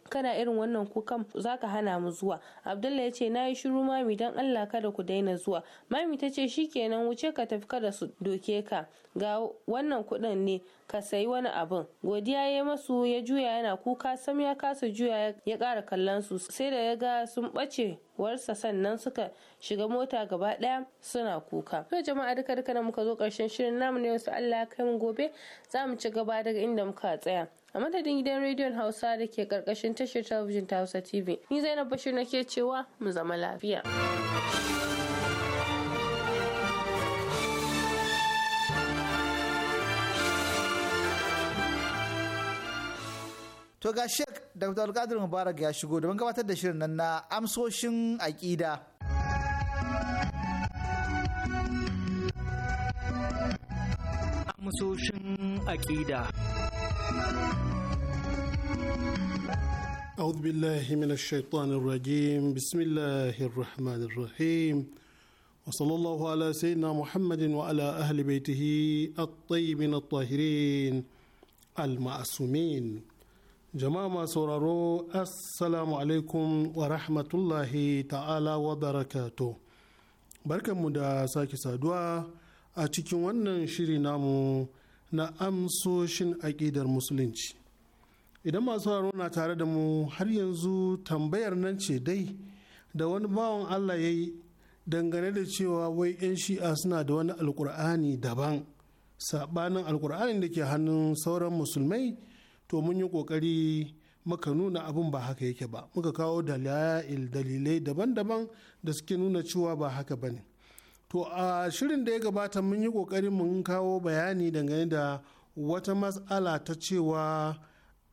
kana irin wannan kukan zaka hana mu zuwa abdullahi ya ce na yi shiru mami don allah kada ku daina zuwa mami ta ce shikenan wuce ka tafi kada su doke ka ga wannan kuɗin ne ka sayi wani abin godiya ya masu ya juya yana kuka sam ya kasa juya ya kara kallon su sai da ya ga sun ɓace warsa sannan suka shiga mota gaba daya suna kuka to jama'a duka duka muka zo karshen shirin namu ne wasu Allah kai mu gobe za mu ci gaba daga inda muka tsaya a madadin gidan rediyon hausa da ke karkashin tashar talabijin ta hausa tv ni zainab bashir nake cewa mu zama lafiya To ga da Dr. Alkadir Mubarak ya shigo domin gabatar da shirin nan na amsoshin aƙida. Amsoshin aƙida. أعوذ بالله من الشيطان الرجيم بسم الله الرحمن الرحيم وصلى الله على سيدنا محمد وعلى أهل بيته الطيبين الطاهرين المعصومين جماعة سورارو السلام عليكم ورحمة الله تعالى وبركاته barkanmu da sake saduwa a cikin wannan shiri namu na amsoshin aƙidar musulunci idan masu sauraro na tare da mu har yanzu tambayar nan ce dai da wani bawan allah ya yi dangane da cewa wai 'yan shi'a suna da wani alkur'ani daban saɓanin alkur'ani da ke hannun sauran musulmai to mun yi ƙoƙari muka nuna abin ba haka yake ba muka kawo dalilai daban-daban da suke nuna cewa ba haka ba ne to a shirin da ya gabata mun yi kokarin mun kawo bayani dangane da wata matsala ta cewa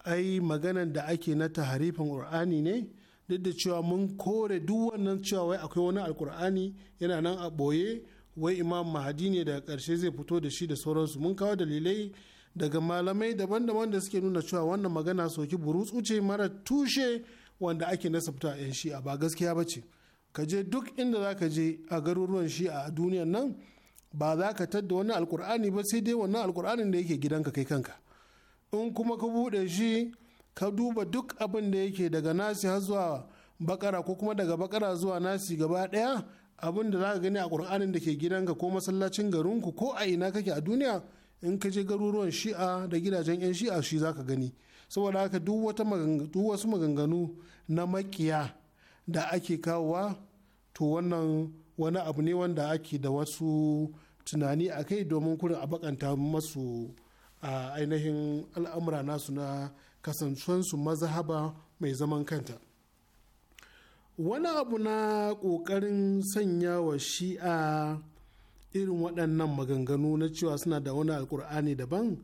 ai maganan da ake na taharifin qur'ani ne duk da cewa mun kore duk wannan cewa wai akwai wani Al'Qur'ani yana nan a boye wai imam mahadi ne daga ƙarshe zai fito da shi da sauransu mun kawo dalilai daga malamai daban-daban da suke nuna cewa wannan magana soki burutsu ce mara tushe wanda ake nasabta a 'yan shi'a ba gaskiya ba ce ka je duk inda za ka je a garuruwan shi a duniyan nan ba za ka tadda wani alkur'ani ba sai dai wannan alkur'anin da yake gidanka kai kanka in kuma ka buɗe shi ka duba duk abin da yake daga nasi har zuwa bakara ko kuma daga bakara zuwa nasi gaba ɗaya abin da za ka gani a ƙur'anin da ke gidanka ko masallacin garinku ko a ina kake a duniya in ka je garuruwan shi'a da gidajen 'yan shi'a shi za ka gani saboda haka duk wasu maganganu na makiya da ake kawowa to wannan wani abu ne wanda ake da wasu tunani a kai domin kurin a bakanta masu a ainihin al'amura nasu na kasancewansu mazahaba mai zaman kanta wani abu na ƙoƙarin sanya wa shi'a irin waɗannan maganganu na cewa suna da wani alkur'ani daban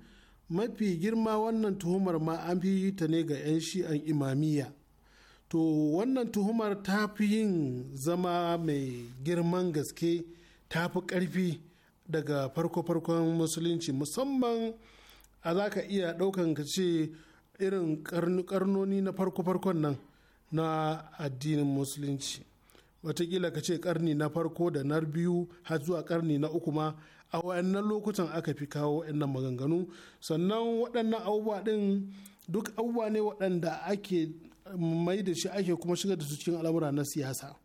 mafi girma wannan tuhumar ma an fi ta ne ga 'yan shi'an imamiyya to wannan tuhumar ta fi yin zama mai girman gaske ta fi ƙarfi daga farko-farkon musulunci musamman a za ka iya ɗaukan ka ce irin karnoni na farko-farkon nan na addinin musulunci watakila ka ce karni na farko da na biyu har zuwa karni na uku ma a wayannan lokutan aka fi kawo wayannan maganganu sannan waɗannan abubuwa ɗin duk abubuwa ne waɗanda ake mai da shi ake kuma shiga da su cikin al'amura na siyasa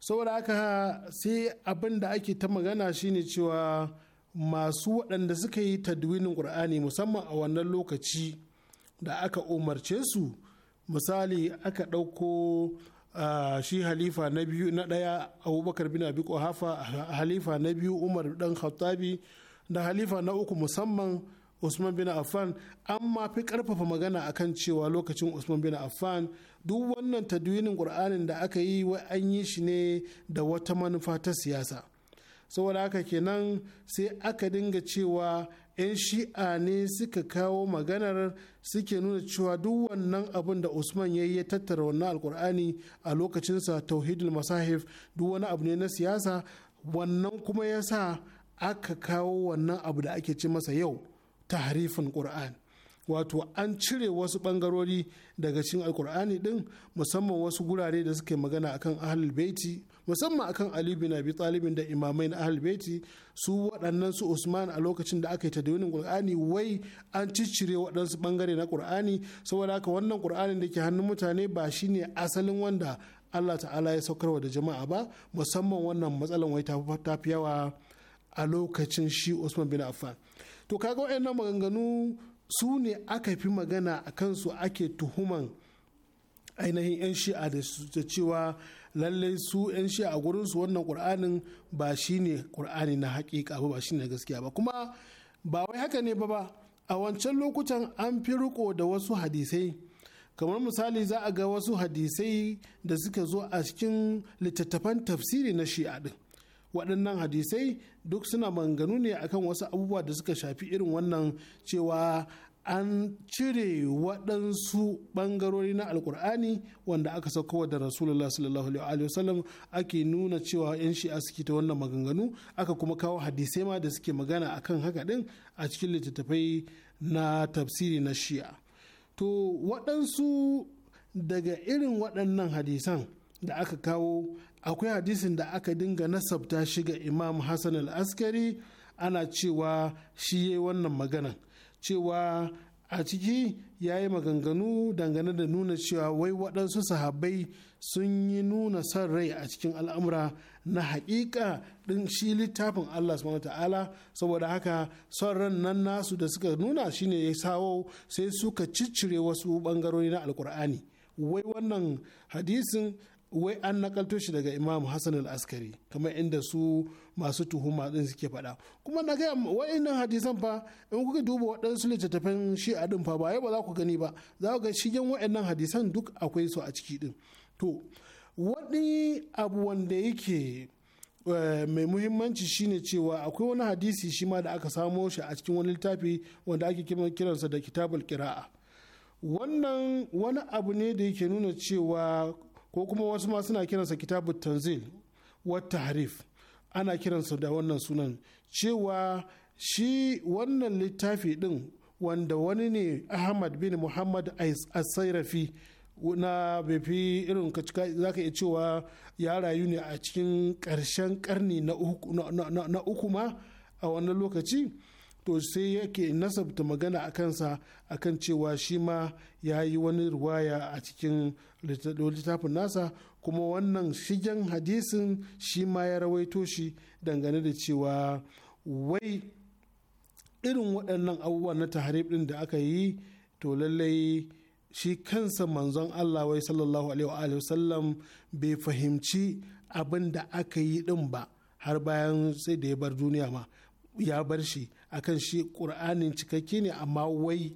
saboda haka sai abin da ake ta magana shine cewa masu waɗanda suka yi tadwinin ƙur'ani musamman a wannan lokaci da aka umarce su misali aka ɗauko shi halifa na biyu na ɗaya abubakar bin abi hafa halifa na biyu umar dan khattabi da halifa na uku musamman usman bin affan an ma fi karfafa magana akan cewa lokacin usman bin affan duk wannan tadwinin qur'anin da aka yi wai an yi shi ne da wata manufa ta siyasa saboda haka kenan sai aka dinga cewa 'yan shi'a ne suka kawo maganar suke nuna cewa duk wannan abin da usman ya yi tattara wannan alkur'ani a lokacinsa tauhidul masahif duk wani abu ne na siyasa wannan kuma ya sa aka kawo wannan abu da ake ci masa yau tahrifin Qur'an wato an cire wasu bangarori daga cikin alkur'ani din musamman wasu gurare da suke magana akan ahlul baiti musamman akan ali bin abi talibin da imamai na ahlul baiti su waɗannan su usman a lokacin da aka yi tadawinin qur'ani wai an ciccire waɗansu bangare na qur'ani saboda haka wannan qur'ani da ke hannun mutane ba shine asalin wanda Allah ta'ala ya saukarwa da jama'a ba musamman wannan matsalan wai ta fi yawa a lokacin shi Usman bin Affan to kaga waɗannan maganganu su ne aka fi magana a kansu ake tuhuman ainihin 'yan shi'a da cewa lallai su 'yan shi'a a gurinsu wannan ƙur'anin ba shi ne ƙur'ani na haƙiƙa ba ba shi ne gaskiya ba kuma ba wai haka ne ba ba a wancan lokutan an fi riko da wasu hadisai kamar misali za a ga wasu hadisai da suka zo a cikin littattafan tafsiri na shi'a ɗin. waɗannan hadisai duk suna manganu ne akan wasu abubuwa da suka shafi irin wannan cewa an cire waɗansu ɓangarori na alkur'ani wanda aka saukowa da rasulullah sallallahu alaihi wasallam ake nuna cewa 'yan shi'a suke ta wannan maganganu aka kuma kawo hadisai ma da suke magana akan haka ɗin a cikin littattafai na tafsiri na shi'a to waɗansu daga irin waɗannan hadisan da aka kawo akwai hadisin da aka dinga nasabta shi ga imam hassan al-askari ana cewa shi ya yi wannan magana cewa a ciki ya yi maganganu dangane da nuna cewa wai waɗansu sahabbai sun yi nuna son rai a cikin al'amura na haƙiƙa ɗin shi littafin Allah subhanahu ta'ala saboda haka son ran nan nasu da suka nuna shine ya sawo sai suka ciccire wasu ɓangarori na alkur'ani wai wannan hadisin wai an nakalto shi daga imam hassan al-askari kamar inda su masu tuhuma din suke faɗa kuma na gaya wa'annan hadisan fa in kuka duba waɗansu littattafan shi a din fa ba yau ba za ku gani ba za ku ga shigen wa'annan hadisan duk akwai su a ciki din to wani abu wanda yake eh, mai muhimmanci shine cewa akwai wani hadisi shi ma da aka samo shi a cikin wani littafi wanda ake kiransa da kitabul kira'a wannan wani abu ne da yake nuna cewa ko kuma wasu ma suna kiransa kitabu tanzil wata harif ana kiransa da wannan sunan cewa shi wannan littafi din wanda wani ne ahmad bin muhammad asairafi na bafi irin kacika. za ka iya cewa ya rayu ne a cikin karshen karni na uku ma a wannan lokaci to sai yake nasabta magana a kansa akan cewa shi ma ya yi wani ruwaya a cikin littafin nasa kuma wannan shigen hadisin shi ma ya rawaito shi dangane da cewa wai irin waɗannan abubuwa na taharib ɗin da aka yi to lallai shi kansa manzon Allah wai sallallahu alaihi wa sallam bai fahimci abin da aka yi ɗin ba har bayan sai da ya bar duniya ma ya bar shi akan shi ƙur'anin cikakke ne amma wai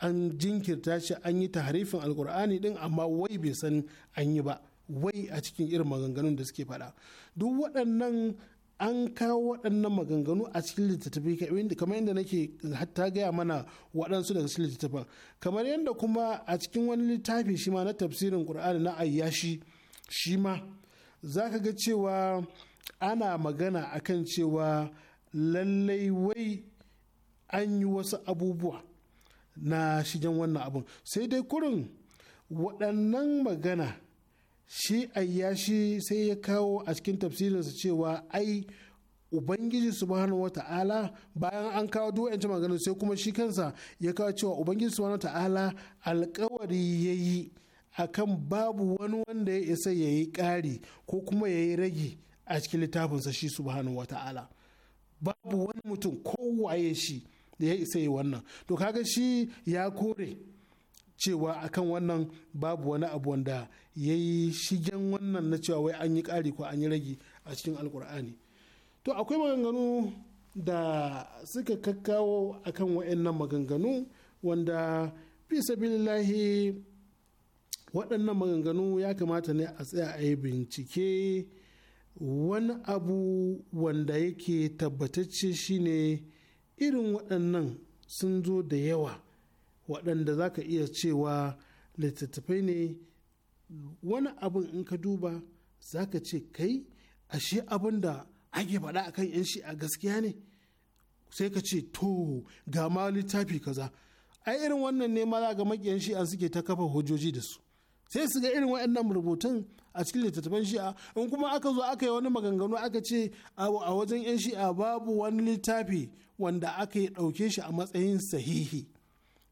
an jinkirta shi an yi taharifin alƙur'ani din amma wai bai san an yi ba wai a cikin irin maganganun da suke faɗa duk waɗannan an kawo waɗannan maganganu a cikin littattafai kamar yadda nake hatta gaya mana waɗansu daga cikin littattafan kamar yadda kuma a cikin wani littafi shi ma na tafsirin ƙur'ani na ayyashi shi ma za ka ga cewa ana magana akan cewa lallai wai an yi wasu abubuwa na shigen wannan abun sai dai kurin waɗannan magana shi ayyashi sai ya kawo a cikin tafsirinsa cewa ai ubangiji subhanahu ta'ala. bayan an kawo duk magana sai kuma shi kansa ya kawo cewa ubangiji subhanahu ta'ala alkawari ya yi akan babu wani wanda ya isa ya yi ƙari ko kuma ya yi rage a cikin littafinsa shi subhanahu ta'ala. babu wani mutum kowaye shi da ya isa yi wannan to kaga shi ya kore cewa akan wannan babu wani abu wanda ya yi shigen wannan na cewa wai an yi ƙari ko an yi ragi a cikin alkur'ani to akwai maganganu da suka kakkawo akan wa'annan maganganu wanda fi sabilillahi waɗannan maganganu ya kamata ne a tsaya a yi bincike wani abu wanda yake tabbatacce shine irin waɗannan sun zo da yawa waɗanda za ka iya cewa littattafai ne wani abin in ka duba za ka ce kai ashe abin da ake faɗa a kan shi a gaskiya ne sai ka ce to ga ma littafi kaza ai irin wannan ne ma za ga makiyan suke ta kafa hujjoji da su sai su ga irin waɗannan rubutun a cikin littattafan shi'a in kuma aka zo aka yi wani maganganu aka ce a wajen 'yan shi'a babu wani littafi wanda aka yi ɗauke shi a matsayin sahihi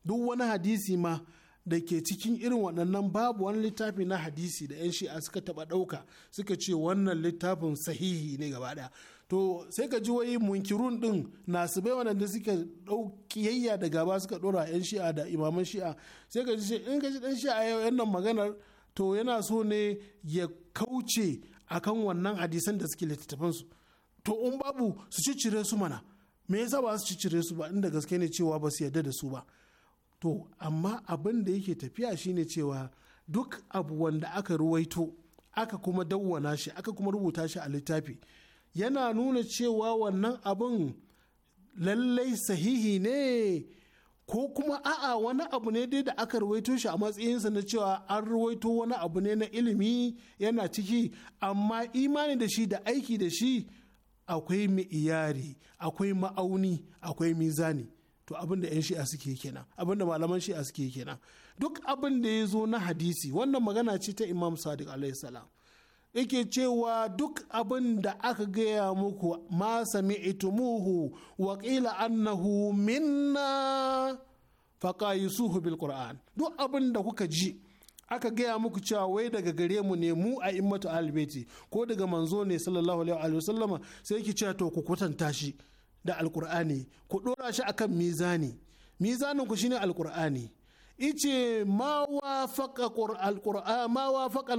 duk wani hadisi ma da ke cikin irin waɗannan babu wani littafi na hadisi da 'yan shi'a suka taɓa ɗauka suka ce wannan littafin sahihi ne gaba ɗaya to sai ka ji wai munkirun din bai wadanda suka ɗaukiyayya da gaba suka ɗora 'yan shi'a da imaman shi'a sai ka ji in ka ji dan shi'a yau yan nan maganar to yana so ne ya kauce akan wannan hadisan da suke littattafansu to in babu su ciccire su mana me yasa ba su ciccire su ba inda gaske ne cewa ba su yarda da su ba to amma abin da yake tafiya shine cewa duk abu wanda aka ruwaito aka kuma dawwana shi aka kuma rubuta shi a littafi yana nuna cewa wannan abin lallai sahihi ne ko kuma a'a wani abu ne dai da aka ruwaito shi a matsayinsa na cewa an ruwaito wani abu ne na ilimi yana ciki amma imani da shi da aiki da shi akwai mi'iyari akwai ma'auni akwai mizani to abin da 'yan shi'a suke kenan abin da malaman shi'a suke kenan duk abin da ya zo na hadisi wannan magana ce ta imam sadiq alaihi salam yake cewa duk abin da aka gaya muku ma sami'tumuhu wa annahu minna faqayisuhu bil qur'an duk abin da kuka ji aka gaya muku cewa wai daga gare mu ne mu a immatu albeti ko daga manzo ne sallallahu alaihi wa sallama sai ki cewa to ku kwatanta shi da alƙur'ani ku ɗora shi akan mizani mizanin ku shine alkur'ani ice ma wa alquran ma wafaqa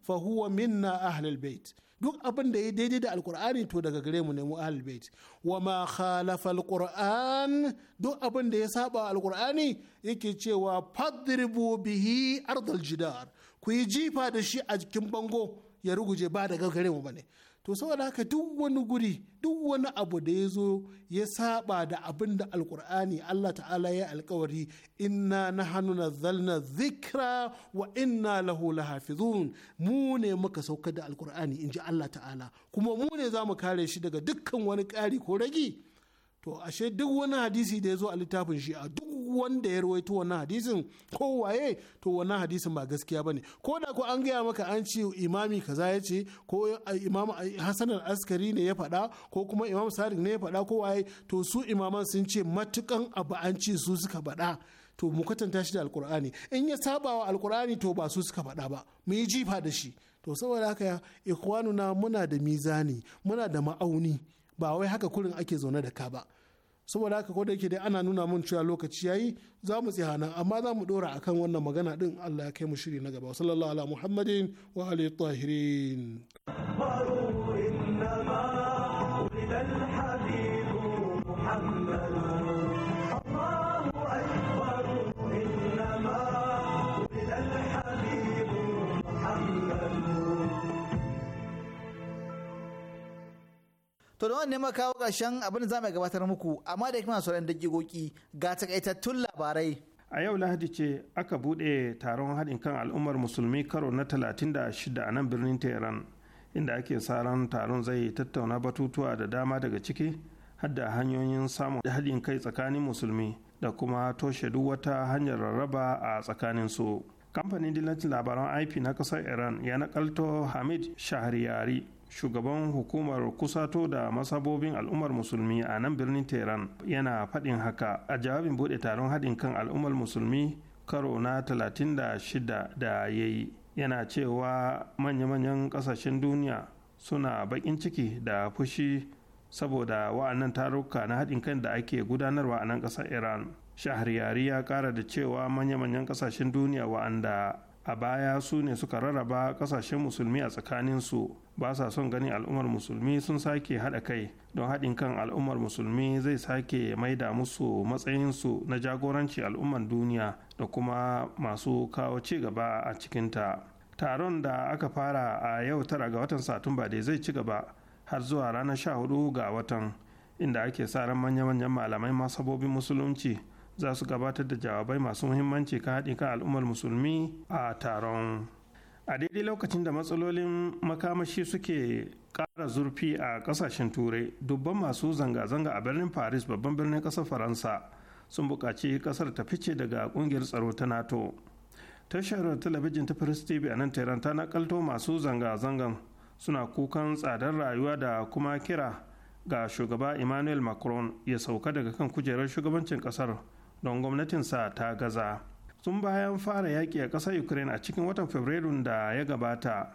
fa huwa minna ahlul bait duk abin da ya daidai da alkur'ani to daga gare mu ne mu ahlul bait wa ma khalafa alquran duk abin da ya saba alkur'ani yake cewa fadribu bihi ardal jidar ku yi jifa da shi a jikin bango ya ruguje ba daga gare mu bane to saboda haka duk wani guri duk wani abu da ya zo ya saba da abin da alkur'ani Allah ta'ala ya alkawari inna na hannu na zalna zikra wa inna lahu lahafizun mu ne muka sauka da alkur'ani in ji Allah ta'ala kuma mu ne za mu kare shi daga dukkan wani ƙari ko ragi to ashe duk wani hadisi da ya zo a littafin shi a duk wanda ya rawaito wannan hadisin ko waye to wannan hadisin ba gaskiya bane ko da ko an gaya maka an ce imami kaza ya ce ko imam hasan al-askari ne ya faɗa ko kuma imam sadiq ne ya faɗa ko waye to su imaman sun ce matukan abu an ce su suka faɗa to mu kwatanta shi da alkur'ani in ya saba alkur'ani to ba su suka faɗa ba mu yi jifa da shi to saboda haka ikwanuna muna da mizani muna da ma'auni ba wai haka kurin ake zaune da ka ba saboda haka ko da yake dai ana nuna mun cewa lokaci yayi za mu tsihana amma za mu dora akan wannan magana din Allah ya kai mu shiri na gaba sallallahu ala muhammadin wa alihi tahirin to da wannan ne kawo ƙarshen abin da za mu gabatar muku amma da kuma sauran dagigoki ga takaitattun labarai a yau lahadi ce aka buɗe taron haɗin kan al'ummar musulmi karo na 36 a nan birnin tehran inda ake sa taron zai tattauna batutuwa da dama daga ciki hadda hanyoyin samun haɗin kai tsakanin musulmi da kuma toshe duk wata hanyar rarraba a tsakanin su kamfanin dillancin labaran ip na ƙasar iran ya nakalto hamid shahriyari shugaban hukumar kusato da masabobin al'ummar musulmi a nan birnin tehran yana faɗin haka a jawabin bude taron haɗin kan al'ummar musulmi karo na 36 da ya yi yana cewa manya-manyan ƙasashen duniya suna baƙin ciki da fushi saboda wa'annan taruka na haɗin kan da ake gudanarwa a nan ƙasar iran shahariyari ya kara da cewa manya-manyan ƙasashen duniya wa'anda a baya su ne suka rarraba kasashen musulmi a tsakaninsu ba sa son ganin al'ummar musulmi sun sake haɗa kai don haɗin kan al'ummar musulmi zai sake maida musu matsayinsu na jagoranci al'ummar duniya da kuma masu kawo ci gaba a cikinta taron da aka fara a yau tara ga watan satumba da zai ci gaba har zuwa ranar sha hudu ga watan inda ake sa ran manya-manyan malamai masabobin musulunci za su gabatar da jawabai masu muhimmanci kan haɗin kan al'ummar musulmi a taron a daidai lokacin da matsalolin makamashi suke ƙara zurfi a ƙasashen turai dubban masu zanga-zanga a birnin paris babban birnin ƙasar faransa sun buƙaci ƙasar ta fice daga ƙungiyar tsaro ta nato tashar talabijin ta paris tv a nan tehran ta nakalto masu zanga-zangan suna kukan tsadar rayuwa da kuma kira ga shugaba emmanuel macron ya sauka daga kan kujerar shugabancin kasar. don gwamnatinsa ta gaza sun bayan fara yaƙi a ƙasar ukraine a cikin watan fabrairun da ya gabata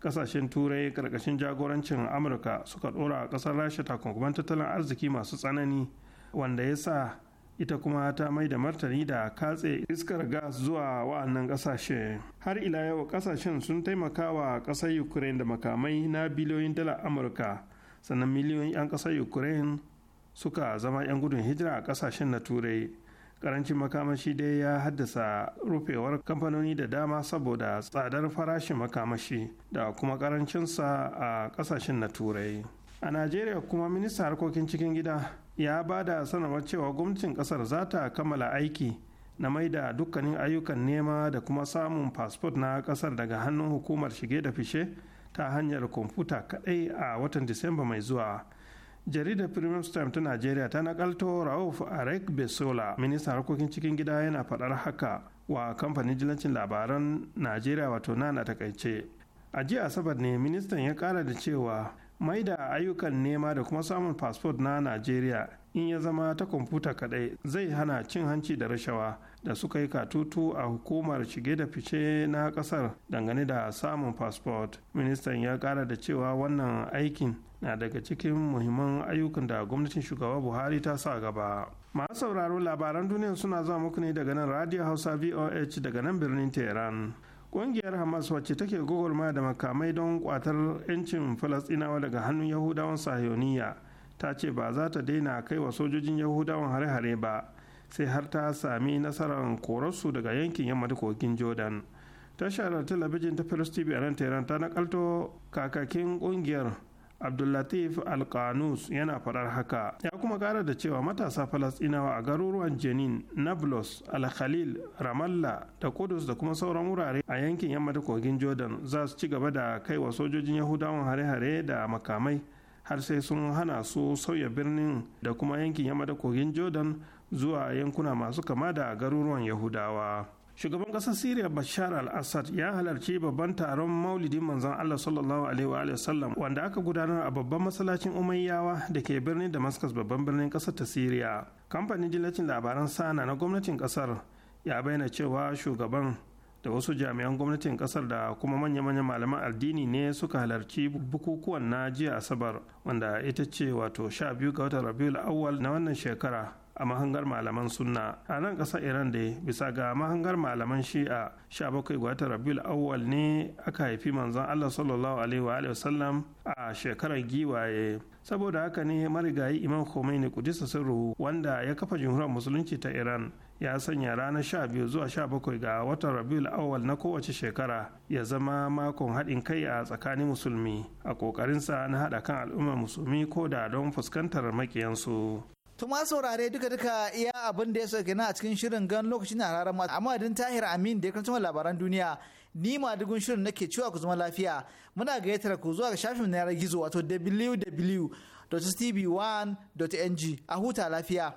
ƙasashen turai ƙarƙashin jagorancin amurka suka ɗora a ƙasar rasha takunkuman tattalin arziki masu tsanani wanda ya sa ita kuma ta mai da martani da katse iskar gas zuwa wa'annan ƙasashe. har ila yau kasashen sun taimaka wa ƙasar ukraine da makamai na biliyoyin dala amurka sannan miliyoyin 'yan ƙasar ukraine suka zama 'yan gudun hijira a kasashen na turai karancin makamashi dai ya haddasa rufewar kamfanoni da dama saboda tsadar farashin makamashi da kuma karancinsa a kasashen na turai a najeriya kuma minista harkokin cikin gida ya ba da sanarwar cewa gwamnatin kasar za ta kammala aiki na mai da dukkanin ayyukan nema da kuma samun fasfot na kasar daga hannun hukumar shige da fishe ta hanyar kwamfuta kaɗai a watan disamba mai zuwa jaridar premium time ta najeriya ta nakalto rauf arek besola ministan harkokin cikin gida yana faɗar haka wa kamfanin jilancin labaran najeriya wato nan a takaice a jiya asabar ne ministan ya kara da cewa mai da ayyukan nema da kuma samun fasfot na najeriya in ya zama ta kwamfuta kadai zai hana cin hanci da rashawa da suka yi katutu a hukumar shige da fice na kasar dangane da samun fasfot ministan ya kara da cewa wannan aikin na daga cikin muhimman ayyukan da gwamnatin shugaba buhari ta sa gaba masu sauraro labaran duniya suna zuwa muku ne daga nan radio hausa voh daga nan birnin tehran ƙungiyar hamas wacce take gogolma da makamai don kwatar 'yancin falastinawa daga hannun yahudawan sahiyoniya ta ce ba za ta daina kai wa sojojin yahudawan hare-hare ba sai har ta sami nasarar korarsu daga yankin yamma da kogin jordan tashar talabijin ta first tv a nan tehran ta nakalto kakakin ƙungiyar abdullatif alkanus yana faɗar haka ya kuma ƙara da cewa matasa Falasɗinawa a garuruwan jenin nablus alkhalil ramallah da kudus da kuma sauran wurare a yankin yamma da kogin jordan za su ci gaba da kai wa sojojin yahudawan hare-hare da makamai har sai sun hana su sauya birnin da kuma yankin yamma da kogin jordan zuwa yankuna masu kama da garuruwan yahudawa shugaban ƙasar syria bashar al-assad ya halarci babban taron maulidin manzon allah sallallahu alaihi wa sallam wanda aka gudanar a babban masallacin umayyawa da ke birnin damascus babban birnin ƙasar ta syria kamfanin dillacin labaran sana na gwamnatin ƙasar ya bayyana cewa shugaban da wasu jami'an gwamnatin kasar da kuma manya-manyan malaman addini ne suka halarci bukukuwan na jiya asabar wanda ita ce wato 12 ga watan rabiul awwal na wannan shekara a mahangar malaman sunna a nan ƙasar iran da bisa ga mahangar malaman shi'a 17 ga watan rabiul awwal ne aka haifi manzon allah sallallahu alaihi wa sallam a shekarar giwaye saboda haka ne marigayi imam khomeini kudisa sirru wanda ya kafa jumhuriyar musulunci ta iran ya sanya ranar sha biyu zuwa sha bakwai ga watan rabiul awwal na kowace shekara ya zama makon haɗin kai a tsakanin musulmi a ƙoƙarinsa na haɗa kan al'ummar musulmi ko da don fuskantar maƙiyansu Tuma saurare duka duka iya abin da ya sauke na a cikin shirin gan lokacin na rarar mata. madadin Tahir Amin da ya kanta labaran duniya ni ma dugun shirin nake cewa ku zama lafiya. Muna gayyatar ku zuwa ga shafin na gizo wato www.tv1.ng a huta lafiya.